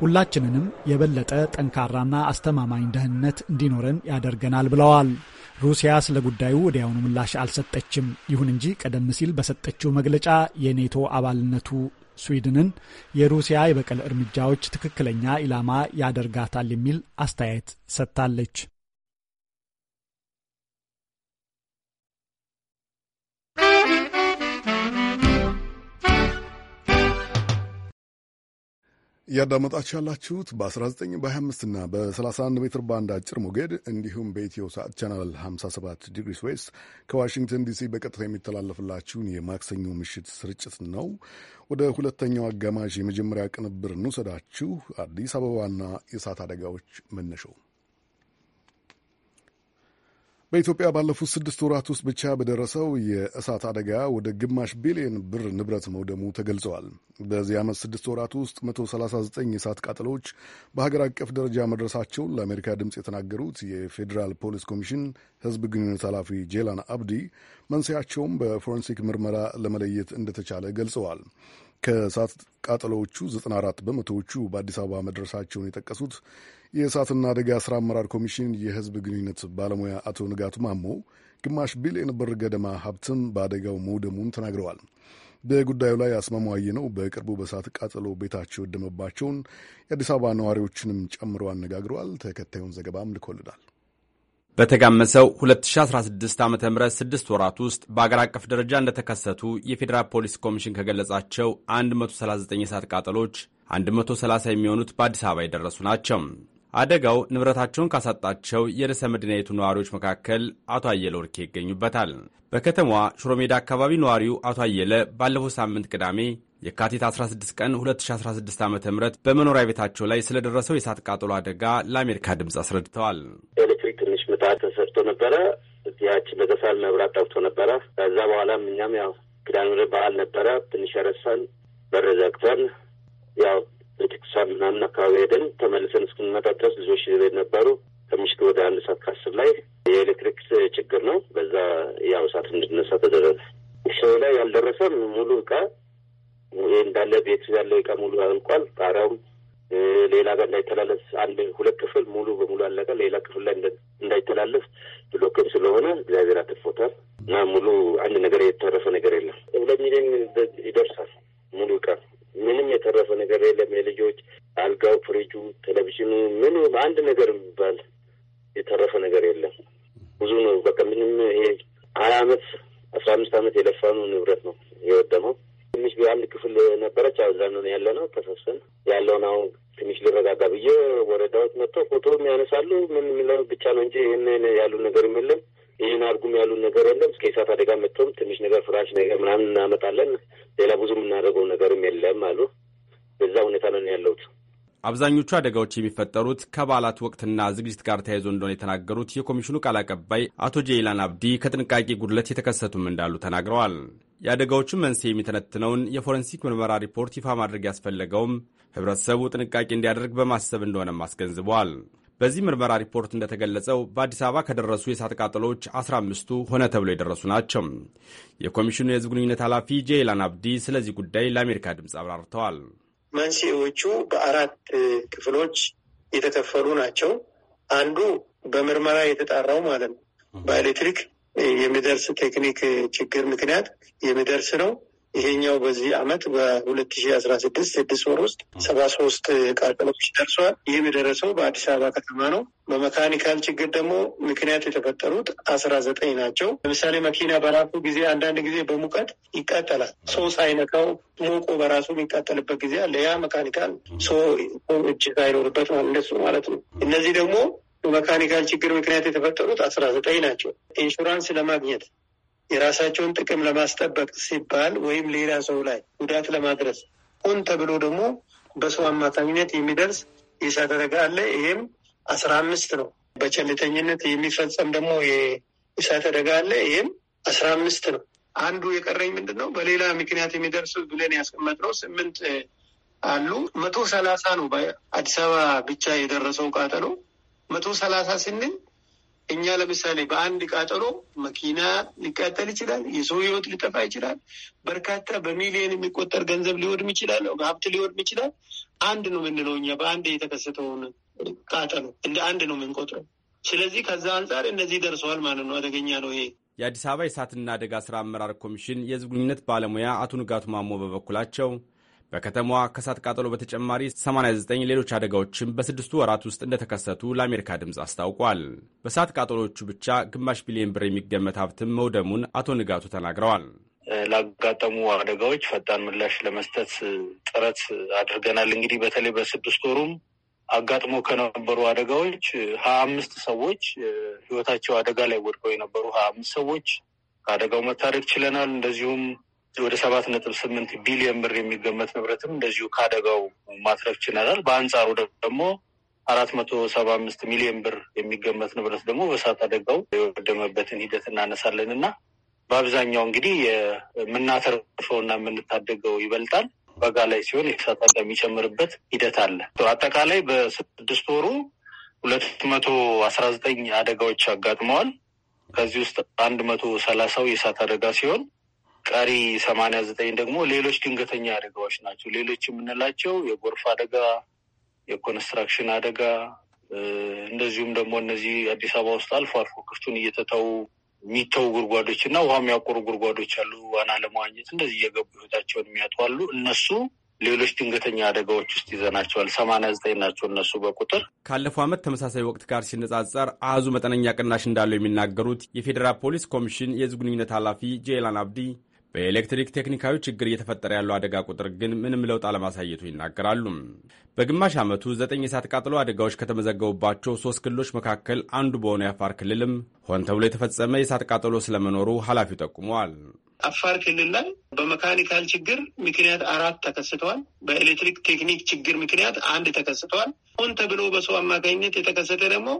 ሁላችንንም የበለጠ ጠንካራና አስተማማኝ ደህንነት እንዲኖረን ያደርገናል ብለዋል። ሩሲያ ስለ ጉዳዩ ወዲያውኑ ምላሽ አልሰጠችም። ይሁን እንጂ ቀደም ሲል በሰጠችው መግለጫ የኔቶ አባልነቱ ስዊድንን የሩሲያ የበቀል እርምጃዎች ትክክለኛ ኢላማ ያደርጋታል የሚል አስተያየት ሰጥታለች። እያዳመጣችሁ ያላችሁት በ19 በ25 እና በ31 ሜትር ባንድ አጭር ሞገድ እንዲሁም በኢትዮ ሰዓት ቻናል 57 ዲግሪስ ዌስት ከዋሽንግተን ዲሲ በቀጥታ የሚተላለፍላችሁን የማክሰኞ ምሽት ስርጭት ነው። ወደ ሁለተኛው አጋማሽ የመጀመሪያ ቅንብር እንውሰዳችሁ። አዲስ አበባና የእሳት አደጋዎች መነሻው በኢትዮጵያ ባለፉት ስድስት ወራት ውስጥ ብቻ በደረሰው የእሳት አደጋ ወደ ግማሽ ቢሊዮን ብር ንብረት መውደሙ ተገልጸዋል። በዚህ ዓመት ስድስት ወራት ውስጥ 139 የእሳት ቃጠሎዎች በሀገር አቀፍ ደረጃ መድረሳቸውን ለአሜሪካ ድምፅ የተናገሩት የፌዴራል ፖሊስ ኮሚሽን ሕዝብ ግንኙነት ኃላፊ ጄላን አብዲ መንስያቸውም በፎረንሲክ ምርመራ ለመለየት እንደተቻለ ገልጸዋል። ከእሳት ቃጠሎዎቹ 94 በመቶዎቹ በአዲስ አበባ መድረሳቸውን የጠቀሱት የእሳትና አደጋ ስራ አመራር ኮሚሽን የህዝብ ግንኙነት ባለሙያ አቶ ንጋቱ ማሞ ግማሽ ቢሊዮን ብር ገደማ ሀብትም በአደጋው መውደሙን ተናግረዋል። በጉዳዩ ላይ አስማማዋዬ ነው በቅርቡ በእሳት ቃጠሎ ቤታቸው የወደመባቸውን የአዲስ አበባ ነዋሪዎችንም ጨምሮ አነጋግረዋል። ተከታዩን ዘገባም ልኮልናል። በተጋመሰው 2016 ዓ ም ስድስት ወራት ውስጥ በአገር አቀፍ ደረጃ እንደተከሰቱ የፌዴራል ፖሊስ ኮሚሽን ከገለጻቸው 139 የእሳት ቃጠሎች 130 የሚሆኑት በአዲስ አበባ የደረሱ ናቸው። አደጋው ንብረታቸውን ካሳጣቸው የርዕሰ መዲናይቱ ነዋሪዎች መካከል አቶ አየለ ወርኬ ይገኙበታል። በከተማዋ ሽሮሜዳ አካባቢ ነዋሪው አቶ አየለ ባለፈው ሳምንት ቅዳሜ የካቲት 16 ቀን 2016 ዓ ም በመኖሪያ ቤታቸው ላይ ስለደረሰው የእሳት ቃጠሎ አደጋ ለአሜሪካ ድምፅ አስረድተዋል። ኤሌክትሪክ ትንሽ ምጣድ ተሰርቶ ነበረ። ያች በተሳል መብራት ጠፍቶ ነበረ። ከዛ በኋላም እኛም ያው ክዳን በዓል ነበረ። ትንሽ ረሰን በር ዘግተን ያው ቤተክሳ ምናምን አካባቢ ሄደን ተመልሰን እስክንመጣ ድረስ ልጆች ቤት ነበሩ። ከምሽቱ ወደ አንድ ሰዓት ከአስር ላይ የኤሌክትሪክ ችግር ነው። በዛ ያው እሳት እንድነሳ ተደረገ። ሰው ላይ ያልደረሰም ሙሉ እቃ እንዳለ ቤት ያለው እቃ ሙሉ አልቋል። ጣሪያውም ሌላ ጋር እንዳይተላለፍ አንድ ሁለት ክፍል ሙሉ በሙሉ አለቀ። ሌላ ክፍል ላይ እንዳይተላለፍ ብሎክም ስለሆነ እግዚአብሔር አትርፎታል እና ሙሉ አንድ ነገር የተረፈ ነው ederim. አብዛኞቹ አደጋዎች የሚፈጠሩት ከበዓላት ወቅትና ዝግጅት ጋር ተያይዞ እንደሆነ የተናገሩት የኮሚሽኑ ቃል አቀባይ አቶ ጄይላን አብዲ ከጥንቃቄ ጉድለት የተከሰቱም እንዳሉ ተናግረዋል። የአደጋዎቹን መንስኤ የሚተነትነውን የፎረንሲክ ምርመራ ሪፖርት ይፋ ማድረግ ያስፈለገውም ህብረተሰቡ ጥንቃቄ እንዲያደርግ በማሰብ እንደሆነም አስገንዝበዋል። በዚህ ምርመራ ሪፖርት እንደተገለጸው በአዲስ አበባ ከደረሱ የእሳት ቃጠሎዎች 15ቱ ሆነ ተብሎ የደረሱ ናቸው። የኮሚሽኑ የህዝብ ግንኙነት ኃላፊ ጄይላን አብዲ ስለዚህ ጉዳይ ለአሜሪካ ድምፅ አብራርተዋል። መንስኤዎቹ በአራት ክፍሎች የተከፈሉ ናቸው። አንዱ በምርመራ የተጣራው ማለት ነው። በኤሌክትሪክ የሚደርስ ቴክኒክ ችግር ምክንያት የሚደርስ ነው። ይሄኛው በዚህ አመት በሁለት ሺ አስራ ስድስት ስድስት ወር ውስጥ ሰባ ሶስት ቃጠሎች ደርሷል። ይህም የደረሰው በአዲስ አበባ ከተማ ነው። በመካኒካል ችግር ደግሞ ምክንያት የተፈጠሩት አስራ ዘጠኝ ናቸው። ለምሳሌ መኪና በራሱ ጊዜ አንዳንድ ጊዜ በሙቀት ይቃጠላል። ሰው ሳይነካው ሞቆ በራሱ የሚቃጠልበት ጊዜ አለ። ያ መካኒካል ሰው እጅ ሳይኖርበት እንደሱ ማለት ነው። እነዚህ ደግሞ በመካኒካል ችግር ምክንያት የተፈጠሩት አስራ ዘጠኝ ናቸው። ኢንሹራንስ ለማግኘት የራሳቸውን ጥቅም ለማስጠበቅ ሲባል ወይም ሌላ ሰው ላይ ጉዳት ለማድረስ ሆን ተብሎ ደግሞ በሰው አማካኝነት የሚደርስ የእሳት አለ። ይህም አስራ አምስት ነው። በቸልተኝነት የሚፈጸም ደግሞ የእሳት አደጋ አለ። ይህም አስራ አምስት ነው። አንዱ የቀረኝ ምንድን ነው? በሌላ ምክንያት የሚደርስ ብለን ያስቀመጥነው ስምንት አሉ። መቶ ሰላሳ ነው። በአዲስ አበባ ብቻ የደረሰው ቃጠሎ መቶ ሰላሳ ስንል እኛ ለምሳሌ በአንድ ቃጠሎ መኪና ሊቃጠል ይችላል። የሰው ህይወት ሊጠፋ ይችላል። በርካታ በሚሊዮን የሚቆጠር ገንዘብ ሊወድም ይችላል። ሀብት ሊወድም ይችላል። አንድ ነው የምንለው እኛ በአንድ የተከሰተውን ቃጠሎ እንደ አንድ ነው የምንቆጥረው። ስለዚህ ከዛ አንጻር እነዚህ ደርሰዋል ማለት ነው። አደገኛ ነው ይሄ። የአዲስ አበባ የእሳትና አደጋ ስራ አመራር ኮሚሽን የህዝብ ግንኙነት ባለሙያ አቶ ንጋቱ ማሞ በበኩላቸው በከተማዋ ከእሳት ቃጠሎ በተጨማሪ 89 ሌሎች አደጋዎችም በስድስቱ ወራት ውስጥ እንደተከሰቱ ለአሜሪካ ድምፅ አስታውቋል። በእሳት ቃጠሎቹ ብቻ ግማሽ ቢሊዮን ብር የሚገመት ሀብትም መውደሙን አቶ ንጋቱ ተናግረዋል። ላጋጠሙ አደጋዎች ፈጣን ምላሽ ለመስጠት ጥረት አድርገናል። እንግዲህ በተለይ በስድስት ወሩም አጋጥሞ ከነበሩ አደጋዎች ሀያ አምስት ሰዎች ህይወታቸው አደጋ ላይ ወድቀው የነበሩ ሀያ አምስት ሰዎች ከአደጋው መታደግ ችለናል። እንደዚሁም ወደ ሰባት ነጥብ ስምንት ቢሊዮን ብር የሚገመት ንብረትም እንደዚሁ ከአደጋው ማትረፍ ችለናል። በአንጻሩ ደግሞ አራት መቶ ሰባ አምስት ሚሊዮን ብር የሚገመት ንብረት ደግሞ በእሳት አደጋው የወደመበትን ሂደት እናነሳለን እና በአብዛኛው እንግዲህ የምናተርፈው እና የምንታደገው ይበልጣል። በጋ ላይ ሲሆን የእሳት አደጋ የሚጨምርበት ሂደት አለ። አጠቃላይ በስድስት ወሩ ሁለት መቶ አስራ ዘጠኝ አደጋዎች አጋጥመዋል። ከዚህ ውስጥ አንድ መቶ ሰላሳው የእሳት አደጋ ሲሆን ቀሪ ሰማንያ ዘጠኝ ደግሞ ሌሎች ድንገተኛ አደጋዎች ናቸው። ሌሎች የምንላቸው የጎርፍ አደጋ፣ የኮንስትራክሽን አደጋ እንደዚሁም ደግሞ እነዚህ አዲስ አበባ ውስጥ አልፎ አልፎ ክፍቱን እየተተው የሚተው ጉድጓዶች እና ውሃ የሚያቆሩ ጉድጓዶች አሉ። ዋና ለመዋኘት እንደዚህ እየገቡ ህይወታቸውን የሚያጡ አሉ። እነሱ ሌሎች ድንገተኛ አደጋዎች ውስጥ ይዘናቸዋል። ሰማንያ ዘጠኝ ናቸው እነሱ በቁጥር ካለፈው ዓመት ተመሳሳይ ወቅት ጋር ሲነጻጸር አሃዙ መጠነኛ ቅናሽ እንዳለው የሚናገሩት የፌዴራል ፖሊስ ኮሚሽን የህዝብ ግንኙነት ኃላፊ ጄላን አብዲ በኤሌክትሪክ ቴክኒካዊ ችግር እየተፈጠረ ያለው አደጋ ቁጥር ግን ምንም ለውጥ አለማሳየቱ ይናገራሉ። በግማሽ ዓመቱ ዘጠኝ የእሳት ቃጠሎ አደጋዎች ከተመዘገቡባቸው ሶስት ክልሎች መካከል አንዱ በሆነ የአፋር ክልልም ሆን ተብሎ የተፈጸመ የእሳት ቃጠሎ ስለመኖሩ ኃላፊው ጠቁመዋል። አፋር ክልል ላይ በመካኒካል ችግር ምክንያት አራት ተከስተዋል። በኤሌክትሪክ ቴክኒክ ችግር ምክንያት አንድ ተከስተዋል። ሆን ተብሎ በሰው አማካኝነት የተከሰተ ደግሞ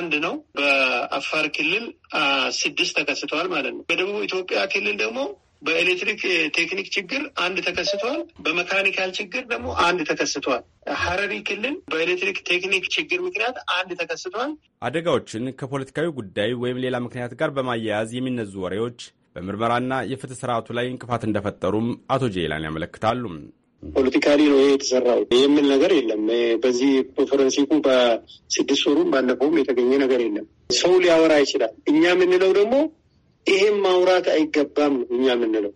አንድ ነው። በአፋር ክልል ስድስት ተከስተዋል ማለት ነው። በደቡብ ኢትዮጵያ ክልል ደግሞ በኤሌክትሪክ ቴክኒክ ችግር አንድ ተከስቷል። በመካኒካል ችግር ደግሞ አንድ ተከስቷል። ሀረሪ ክልል በኤሌክትሪክ ቴክኒክ ችግር ምክንያት አንድ ተከስቷል። አደጋዎችን ከፖለቲካዊ ጉዳይ ወይም ሌላ ምክንያት ጋር በማያያዝ የሚነዙ ወሬዎች በምርመራና የፍትህ ስርዓቱ ላይ እንቅፋት እንደፈጠሩም አቶ ጄላን ያመለክታሉ። ፖለቲካሊ ነው ይሄ የተሰራው የሚል ነገር የለም። በዚህ ኮንፈረንሲኩ በስድስት ወሩም ባለፈውም የተገኘ ነገር የለም። ሰው ሊያወራ ይችላል። እኛ የምንለው ደግሞ ይሄም ማውራት አይገባም እኛ የምንለው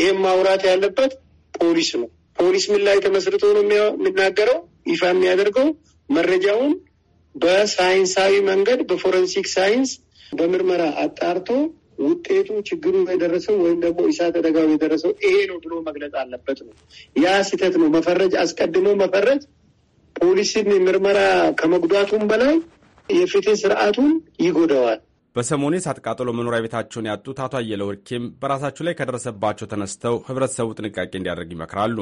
ይሄም ማውራት ያለበት ፖሊስ ነው። ፖሊስ ምን ላይ ተመስርቶ ነው የሚናገረው ይፋ የሚያደርገው? መረጃውን በሳይንሳዊ መንገድ በፎረንሲክ ሳይንስ በምርመራ አጣርቶ ውጤቱ ችግሩ የደረሰው ወይም ደግሞ እሳት አደጋው የደረሰው ይሄ ነው ብሎ መግለጽ አለበት ነው። ያ ስህተት ነው። መፈረጅ አስቀድሞ መፈረጅ ፖሊስን ምርመራ ከመጉዳቱም በላይ የፍትህ ስርዓቱን ይጎደዋል። በሰሞኑ የእሳት ቃጠሎ መኖሪያ ቤታቸውን ያጡት አቶ አየለ ወርኬም በራሳቸው ላይ ከደረሰባቸው ተነስተው ህብረተሰቡ ጥንቃቄ እንዲያደርግ ይመክራሉ።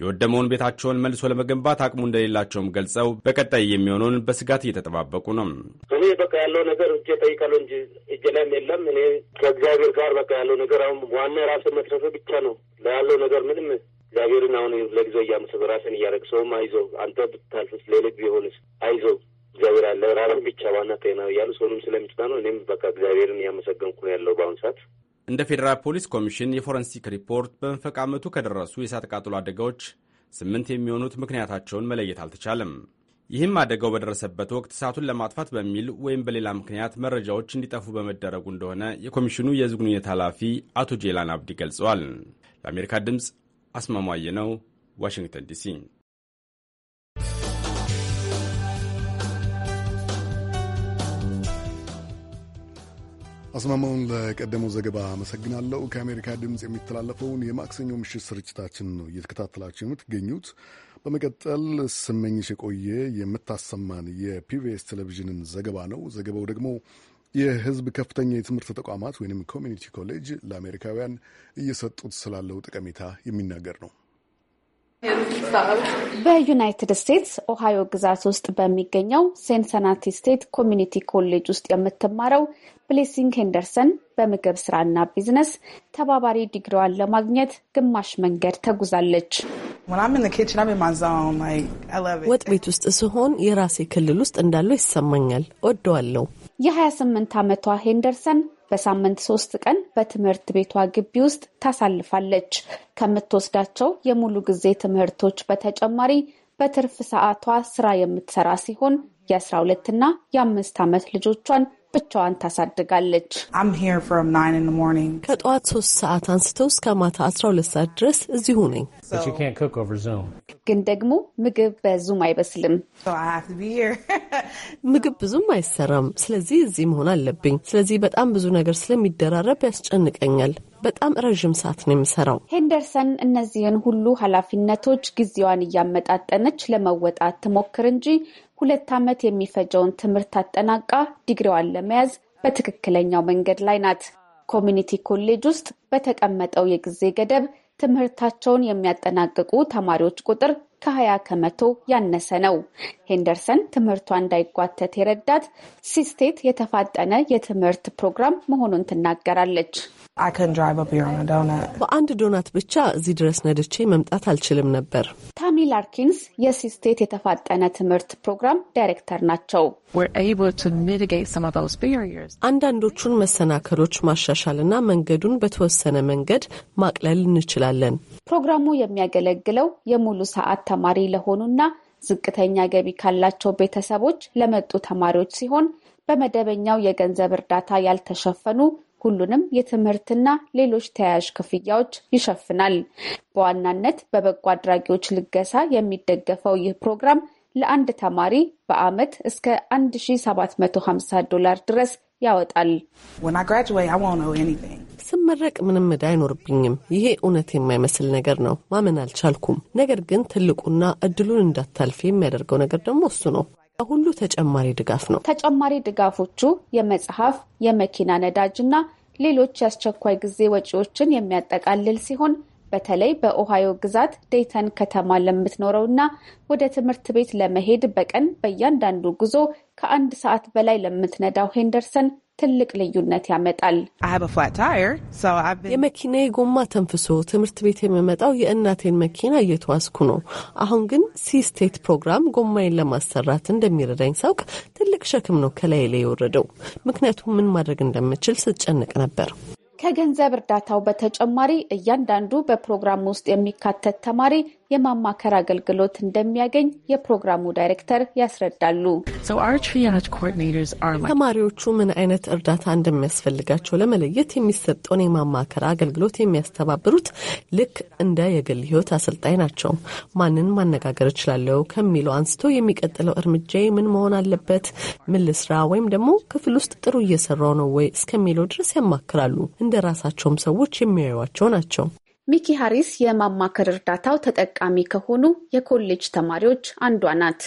የወደመውን ቤታቸውን መልሶ ለመገንባት አቅሙ እንደሌላቸውም ገልጸው በቀጣይ የሚሆነውን በስጋት እየተጠባበቁ ነው። እኔ በቃ ያለው ነገር እጄ ጠይቃለሁ እንጂ እጄ ላይም የለም። እኔ ከእግዚአብሔር ጋር በቃ ያለው ነገር አሁን ዋና የራስ መትረፍ ብቻ ነው። ለያለው ነገር ምንም እግዚአብሔርን አሁን ለጊዜው እያመሰገ ራስን እያደረግ ሰውም አይዞ አንተ ብታልፍስ ሌሊት ቢሆንስ አይዞ እግዚአብሔር አለ ራሱ ብቻ ዋና ጤና እያሉ ሰውንም ስለሚጭና ነው። እኔም በቃ እግዚአብሔርን እያመሰገንኩ ነው ያለው በአሁኑ ሰዓት። እንደ ፌዴራል ፖሊስ ኮሚሽን የፎረንሲክ ሪፖርት በመንፈቅ ዓመቱ ከደረሱ የእሳት ቃጠሎ አደጋዎች ስምንት የሚሆኑት ምክንያታቸውን መለየት አልተቻለም። ይህም አደጋው በደረሰበት ወቅት እሳቱን ለማጥፋት በሚል ወይም በሌላ ምክንያት መረጃዎች እንዲጠፉ በመደረጉ እንደሆነ የኮሚሽኑ የሕዝብ ግንኙነት ኃላፊ አቶ ጄላን አብዲ ገልጸዋል። ለአሜሪካ ድምፅ አስማማየ ነው፣ ዋሽንግተን ዲሲ አስማማውን ለቀደመው ዘገባ አመሰግናለሁ። ከአሜሪካ ድምፅ የሚተላለፈውን የማክሰኞ ምሽት ስርጭታችን ነው እየተከታተላችሁ የምትገኙት። በመቀጠል ስመኝሽ የቆየ የምታሰማን የፒቢኤስ ቴሌቪዥንን ዘገባ ነው። ዘገባው ደግሞ የሕዝብ ከፍተኛ የትምህርት ተቋማት ወይም ኮሚኒቲ ኮሌጅ ለአሜሪካውያን እየሰጡት ስላለው ጠቀሜታ የሚናገር ነው። በዩናይትድ ስቴትስ ኦሃዮ ግዛት ውስጥ በሚገኘው ሴንሰናቲ ስቴት ኮሚኒቲ ኮሌጅ ውስጥ የምትማረው ብሌሲንግ ሄንደርሰን በምግብ ስራና ቢዝነስ ተባባሪ ዲግሪዋን ለማግኘት ግማሽ መንገድ ተጉዛለች። ወጥ ቤት ውስጥ ስሆን የራሴ ክልል ውስጥ እንዳለው ይሰማኛል ወደዋለው እወደዋለሁ። የ28 ዓመቷ ሄንደርሰን በሳምንት ሶስት ቀን በትምህርት ቤቷ ግቢ ውስጥ ታሳልፋለች። ከምትወስዳቸው የሙሉ ጊዜ ትምህርቶች በተጨማሪ በትርፍ ሰዓቷ ስራ የምትሰራ ሲሆን የ12 እና የአምስት ዓመት ልጆቿን ብቻዋን ታሳድጋለች። ከጠዋት ሶስት ሰዓት አንስተው እስከ ማታ 12 ሰዓት ድረስ እዚሁ ነኝ። ግን ደግሞ ምግብ በዙም አይበስልም፣ ምግብ ብዙም አይሰራም። ስለዚህ እዚህ መሆን አለብኝ። ስለዚህ በጣም ብዙ ነገር ስለሚደራረብ ያስጨንቀኛል። በጣም ረዥም ሰዓት ነው የምሰራው። ሄንደርሰን እነዚህን ሁሉ ኃላፊነቶች ጊዜዋን እያመጣጠነች ለመወጣት ትሞክር እንጂ ሁለት ዓመት የሚፈጀውን ትምህርት አጠናቃ ዲግሪዋን ለመያዝ በትክክለኛው መንገድ ላይ ናት። ኮሚኒቲ ኮሌጅ ውስጥ በተቀመጠው የጊዜ ገደብ ትምህርታቸውን የሚያጠናቅቁ ተማሪዎች ቁጥር ከ20 ከመቶ ያነሰ ነው። ሄንደርሰን ትምህርቷ እንዳይጓተት የረዳት ሲስቴት የተፋጠነ የትምህርት ፕሮግራም መሆኑን ትናገራለች። በአንድ ዶናት ብቻ እዚህ ድረስ ነድቼ መምጣት አልችልም ነበር። ታሚ ላርኪንስ የሲስቴት የተፋጠነ ትምህርት ፕሮግራም ዳይሬክተር ናቸው። አንዳንዶቹን መሰናከሎች ማሻሻልና መንገዱን በተወሰነ መንገድ ማቅለል እንችላለን። ፕሮግራሙ የሚያገለግለው የሙሉ ሰዓት ተማሪ ለሆኑና ዝቅተኛ ገቢ ካላቸው ቤተሰቦች ለመጡ ተማሪዎች ሲሆን በመደበኛው የገንዘብ እርዳታ ያልተሸፈኑ ሁሉንም የትምህርትና ሌሎች ተያያዥ ክፍያዎች ይሸፍናል። በዋናነት በበጎ አድራጊዎች ልገሳ የሚደገፈው ይህ ፕሮግራም ለአንድ ተማሪ በዓመት እስከ 1750 ዶላር ድረስ ያወጣል። ስመረቅ ምንም ዕዳ አይኖርብኝም። ይሄ እውነት የማይመስል ነገር ነው። ማመን አልቻልኩም። ነገር ግን ትልቁና እድሉን እንዳታልፍ የሚያደርገው ነገር ደግሞ እሱ ነው። ሁሉ ተጨማሪ ድጋፍ ነው። ተጨማሪ ድጋፎቹ የመጽሐፍ፣ የመኪና እና ሌሎች የአስቸኳይ ጊዜ ወጪዎችን የሚያጠቃልል ሲሆን በተለይ በኦሃዮ ግዛት ዴይተን ከተማ ለምትኖረው ወደ ትምህርት ቤት ለመሄድ በቀን በእያንዳንዱ ጉዞ ከአንድ ሰዓት በላይ ለምትነዳው ሄንደርሰን ትልቅ ልዩነት ያመጣል። የመኪናዬ ጎማ ተንፍሶ ትምህርት ቤት የምመጣው የእናቴን መኪና እየተዋስኩ ነው። አሁን ግን ሲስቴት ፕሮግራም ጎማዬን ለማሰራት እንደሚረዳኝ ሳውቅ ትልቅ ሸክም ነው ከላይ ላይ የወረደው። ምክንያቱም ምን ማድረግ እንደምችል ስጨነቅ ነበር። ከገንዘብ እርዳታው በተጨማሪ እያንዳንዱ በፕሮግራም ውስጥ የሚካተት ተማሪ የማማከር አገልግሎት እንደሚያገኝ የፕሮግራሙ ዳይሬክተር ያስረዳሉ። ተማሪዎቹ ምን አይነት እርዳታ እንደሚያስፈልጋቸው ለመለየት የሚሰጠውን የማማከር አገልግሎት የሚያስተባብሩት ልክ እንደ የግል ሕይወት አሰልጣኝ ናቸው። ማንን ማነጋገር እችላለሁ ከሚለው አንስቶ የሚቀጥለው እርምጃ ምን መሆን አለበት፣ ምን ልስራ፣ ወይም ደግሞ ክፍል ውስጥ ጥሩ እየሰራው ነው ወይ እስከሚለው ድረስ ያማክራሉ። እንደ ራሳቸውም ሰዎች የሚያዩዋቸው ናቸው። ሚኪ ሀሪስ የማማከር እርዳታው ተጠቃሚ ከሆኑ የኮሌጅ ተማሪዎች አንዷ ናት።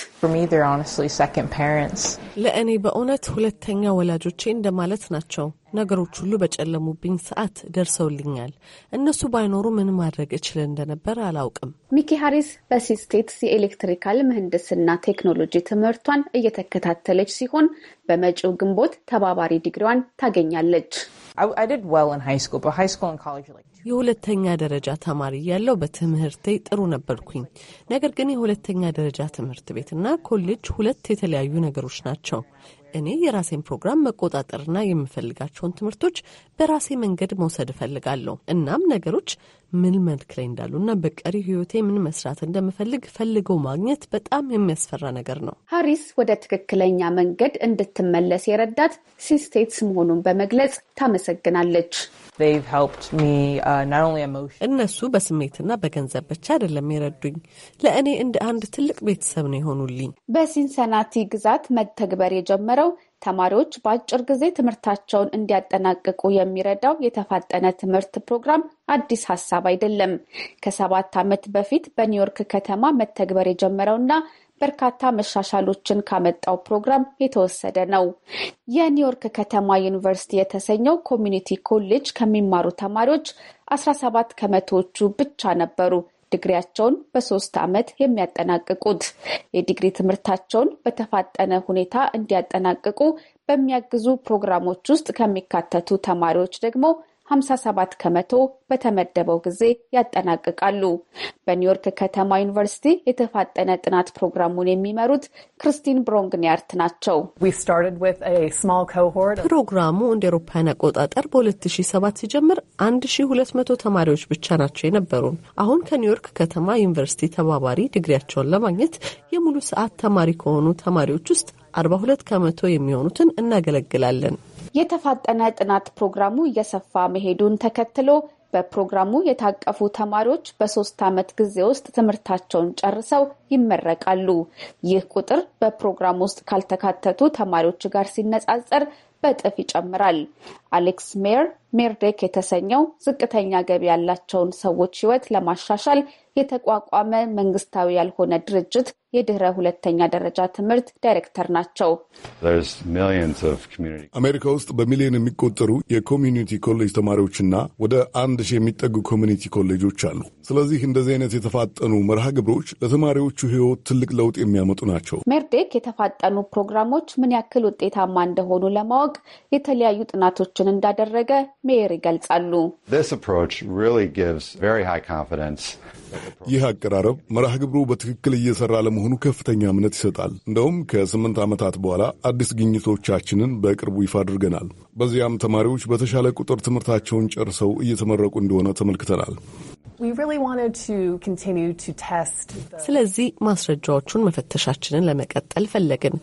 ለእኔ በእውነት ሁለተኛ ወላጆቼ እንደማለት ናቸው። ነገሮች ሁሉ በጨለሙብኝ ሰዓት ደርሰውልኛል። እነሱ ባይኖሩ ምን ማድረግ እችል እንደነበር አላውቅም። ሚኪ ሀሪስ በሲስቴትስ የኤሌክትሪካል ምህንድስና ቴክኖሎጂ ትምህርቷን እየተከታተለች ሲሆን በመጪው ግንቦት ተባባሪ ዲግሪዋን ታገኛለች። የሁለተኛ ደረጃ ተማሪ ያለው በትምህርቴ ጥሩ ነበርኩኝ። ነገር ግን የሁለተኛ ደረጃ ትምህርት ቤትና ኮሌጅ ሁለት የተለያዩ ነገሮች ናቸው። እኔ የራሴን ፕሮግራም መቆጣጠርና የምፈልጋቸውን ትምህርቶች በራሴ መንገድ መውሰድ እፈልጋለሁ። እናም ነገሮች ምን መልክ ላይ እንዳሉ እና በቀሪ ህይወቴ ምን መስራት እንደምፈልግ ፈልገው ማግኘት በጣም የሚያስፈራ ነገር ነው። ሀሪስ ወደ ትክክለኛ መንገድ እንድትመለስ የረዳት ሲስቴትስ መሆኑን በመግለጽ ታመሰግናለች። uh, እነሱ በስሜትና በገንዘብ ብቻ አይደለም የረዱኝ፣ ለእኔ እንደ አንድ ትልቅ ቤተሰብ ነው የሆኑልኝ። በሲንሰናቲ ግዛት መተግበር የጀመረው ተማሪዎች በአጭር ጊዜ ትምህርታቸውን እንዲያጠናቅቁ የሚረዳው የተፋጠነ ትምህርት ፕሮግራም አዲስ ሀሳብ አይደለም። ከሰባት ዓመት በፊት በኒውዮርክ ከተማ መተግበር የጀመረውና በርካታ መሻሻሎችን ካመጣው ፕሮግራም የተወሰደ ነው። የኒውዮርክ ከተማ ዩኒቨርሲቲ የተሰኘው ኮሚኒቲ ኮሌጅ ከሚማሩ ተማሪዎች 17 ከመቶዎቹ ብቻ ነበሩ ዲግሪያቸውን በሶስት ዓመት የሚያጠናቅቁት የዲግሪ ትምህርታቸውን በተፋጠነ ሁኔታ እንዲያጠናቅቁ በሚያግዙ ፕሮግራሞች ውስጥ ከሚካተቱ ተማሪዎች ደግሞ 57 ከመቶ በተመደበው ጊዜ ያጠናቅቃሉ። በኒውዮርክ ከተማ ዩኒቨርሲቲ የተፋጠነ ጥናት ፕሮግራሙን የሚመሩት ክርስቲን ብሮንግኒያርት ናቸው። ፕሮግራሙ እንደ ኤሮፓያን አቆጣጠር በ2007 ሲጀምር 1200 ተማሪዎች ብቻ ናቸው የነበሩን። አሁን ከኒውዮርክ ከተማ ዩኒቨርሲቲ ተባባሪ ዲግሪያቸውን ለማግኘት የሙሉ ሰዓት ተማሪ ከሆኑ ተማሪዎች ውስጥ 42 ከመቶ የሚሆኑትን እናገለግላለን። የተፋጠነ ጥናት ፕሮግራሙ እየሰፋ መሄዱን ተከትሎ በፕሮግራሙ የታቀፉ ተማሪዎች በሶስት ዓመት ጊዜ ውስጥ ትምህርታቸውን ጨርሰው ይመረቃሉ። ይህ ቁጥር በፕሮግራም ውስጥ ካልተካተቱ ተማሪዎች ጋር ሲነጻጸር በእጥፍ ይጨምራል። አሌክስ ሜየር ሜርዴክ የተሰኘው ዝቅተኛ ገቢ ያላቸውን ሰዎች ሕይወት ለማሻሻል የተቋቋመ መንግስታዊ ያልሆነ ድርጅት የድህረ ሁለተኛ ደረጃ ትምህርት ዳይሬክተር ናቸው። አሜሪካ ውስጥ በሚሊዮን የሚቆጠሩ የኮሚዩኒቲ ኮሌጅ ተማሪዎችና ወደ አንድ ሺህ የሚጠጉ ኮሚኒቲ ኮሌጆች አሉ። ስለዚህ እንደዚህ አይነት የተፋጠኑ መርሃ ግብሮች ለተማሪዎቹ ህይወት ትልቅ ለውጥ የሚያመጡ ናቸው። ሜርዴክ የተፋጠኑ ፕሮግራሞች ምን ያክል ውጤታማ እንደሆኑ ለማወቅ የተለያዩ ጥናቶችን እንዳደረገ ሜየር ይገልጻሉ። ይህ አቀራረብ መርሃ ግብሩ በትክክል እየሰራ ለመሆኑ ከፍተኛ እምነት ይሰጣል። እንደውም ከስምንት ዓመታት በኋላ አዲስ ግኝቶቻችንን በቅርቡ ይፋ አድርገናል። በዚያም ተማሪዎች በተሻለ ቁጥር ትምህርታቸውን ጨርሰው እየተመረቁ እንደሆነ ተመልክተናል። ስለዚህ ማስረጃዎቹን መፈተሻችንን ለመቀጠል ፈለግን።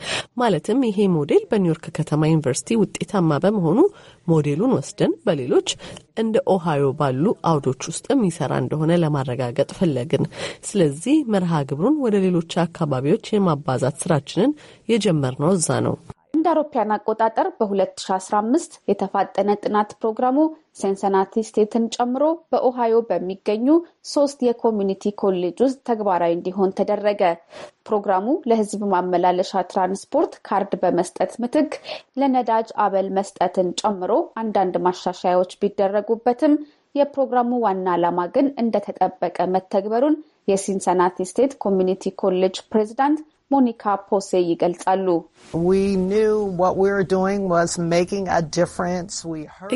ማለትም ይሄ ሞዴል በኒውዮርክ ከተማ ዩኒቨርሲቲ ውጤታማ በመሆኑ ሞዴሉን ወስደን በሌሎች እንደ ኦሃዮ ባሉ አውዶች ውስጥም ይሰራ እንደሆነ ለማረጋገጥ ፈለግን። ስለዚህ መርሃ ግብሩን ወደ ሌሎች አካባቢዎች የማባዛት ስራችንን የጀመርነው እዛ ነው። እንደ አውሮፓያን አቆጣጠር በ2015 የተፋጠነ ጥናት ፕሮግራሙ ሴንሰናቲ ስቴትን ጨምሮ በኦሃዮ በሚገኙ ሶስት የኮሚኒቲ ኮሌጅ ውስጥ ተግባራዊ እንዲሆን ተደረገ። ፕሮግራሙ ለሕዝብ ማመላለሻ ትራንስፖርት ካርድ በመስጠት ምትክ ለነዳጅ አበል መስጠትን ጨምሮ አንዳንድ ማሻሻያዎች ቢደረጉበትም የፕሮግራሙ ዋና ዓላማ ግን እንደተጠበቀ መተግበሩን የሲንሰናቲ ስቴት ኮሚኒቲ ኮሌጅ ፕሬዚዳንት ሞኒካ ፖሴ ይገልጻሉ።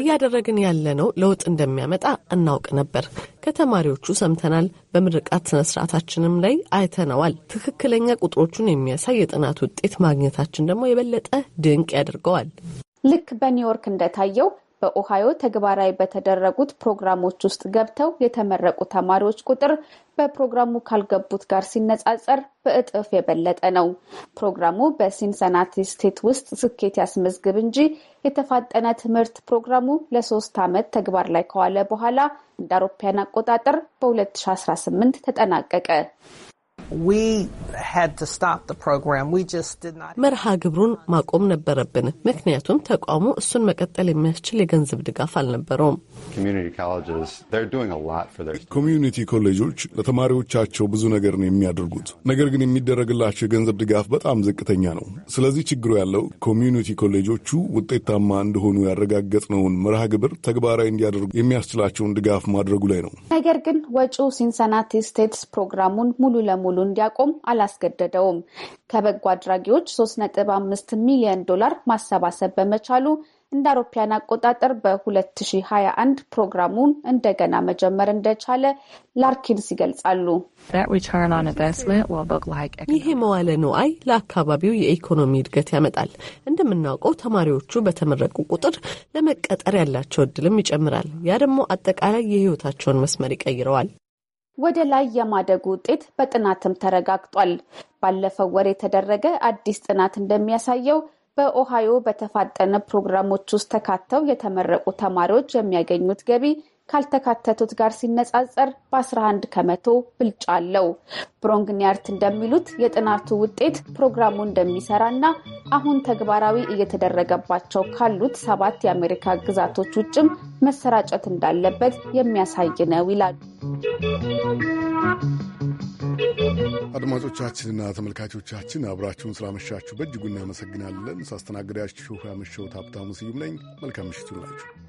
እያደረግን ያለነው ለውጥ እንደሚያመጣ እናውቅ ነበር። ከተማሪዎቹ ሰምተናል። በምርቃት ስነ ስርዓታችንም ላይ አይተነዋል። ትክክለኛ ቁጥሮቹን የሚያሳይ የጥናት ውጤት ማግኘታችን ደግሞ የበለጠ ድንቅ ያደርገዋል። ልክ በኒውዮርክ እንደታየው በኦሃዮ ተግባራዊ በተደረጉት ፕሮግራሞች ውስጥ ገብተው የተመረቁ ተማሪዎች ቁጥር በፕሮግራሙ ካልገቡት ጋር ሲነጻጸር በእጥፍ የበለጠ ነው። ፕሮግራሙ በሲንሰናቲ ስቴት ውስጥ ስኬት ያስመዝግብ እንጂ የተፋጠነ ትምህርት ፕሮግራሙ ለሶስት ዓመት ተግባር ላይ ከዋለ በኋላ እንደ አውሮፓያን አቆጣጠር በ2018 ተጠናቀቀ። መርሃ ግብሩን ማቆም ነበረብን፣ ምክንያቱም ተቋሙ እሱን መቀጠል የሚያስችል የገንዘብ ድጋፍ አልነበረውም። ኮሚዩኒቲ ኮሌጆች ለተማሪዎቻቸው ብዙ ነገር ነው የሚያደርጉት፣ ነገር ግን የሚደረግላቸው የገንዘብ ድጋፍ በጣም ዝቅተኛ ነው። ስለዚህ ችግሩ ያለው ኮሚዩኒቲ ኮሌጆቹ ውጤታማ እንደሆኑ ያረጋገጥነውን መርሃ ግብር ተግባራዊ እንዲያደርጉ የሚያስችላቸውን ድጋፍ ማድረጉ ላይ ነው። ነገር ግን ወጪው ሲንሰናቲ ስቴትስ ፕሮግራሙን ሙሉ ለሙሉ እንዲያቆም አላስገደደውም። ከበጎ አድራጊዎች 3.5 ሚሊዮን ዶላር ማሰባሰብ በመቻሉ እንደ አውሮፓያን አቆጣጠር በ2021 ፕሮግራሙን እንደገና መጀመር እንደቻለ ላርኪንስ ይገልጻሉ። ይሄ መዋለ ንዋይ ለአካባቢው የኢኮኖሚ እድገት ያመጣል። እንደምናውቀው ተማሪዎቹ በተመረቁ ቁጥር ለመቀጠር ያላቸው እድልም ይጨምራል። ያ ደግሞ አጠቃላይ የህይወታቸውን መስመር ይቀይረዋል። ወደ ላይ የማደጉ ውጤት በጥናትም ተረጋግጧል። ባለፈው ወር የተደረገ አዲስ ጥናት እንደሚያሳየው በኦሃዮ በተፋጠነ ፕሮግራሞች ውስጥ ተካተው የተመረቁ ተማሪዎች የሚያገኙት ገቢ ካልተካተቱት ጋር ሲነጻጸር በ11 ከመቶ ብልጫ አለው። ብሮንግኒያርት እንደሚሉት የጥናቱ ውጤት ፕሮግራሙ እንደሚሰራ እና አሁን ተግባራዊ እየተደረገባቸው ካሉት ሰባት የአሜሪካ ግዛቶች ውጭም መሰራጨት እንዳለበት የሚያሳይ ነው ይላሉ። አድማጮቻችንና ተመልካቾቻችን አብራችሁን ስላመሻችሁ በእጅጉ እናመሰግናለን። ሳስተናግዳችሁ ያመሸሁት ሀብታሙ ስዩም ነኝ። መልካም ምሽት ይሁንላችሁ።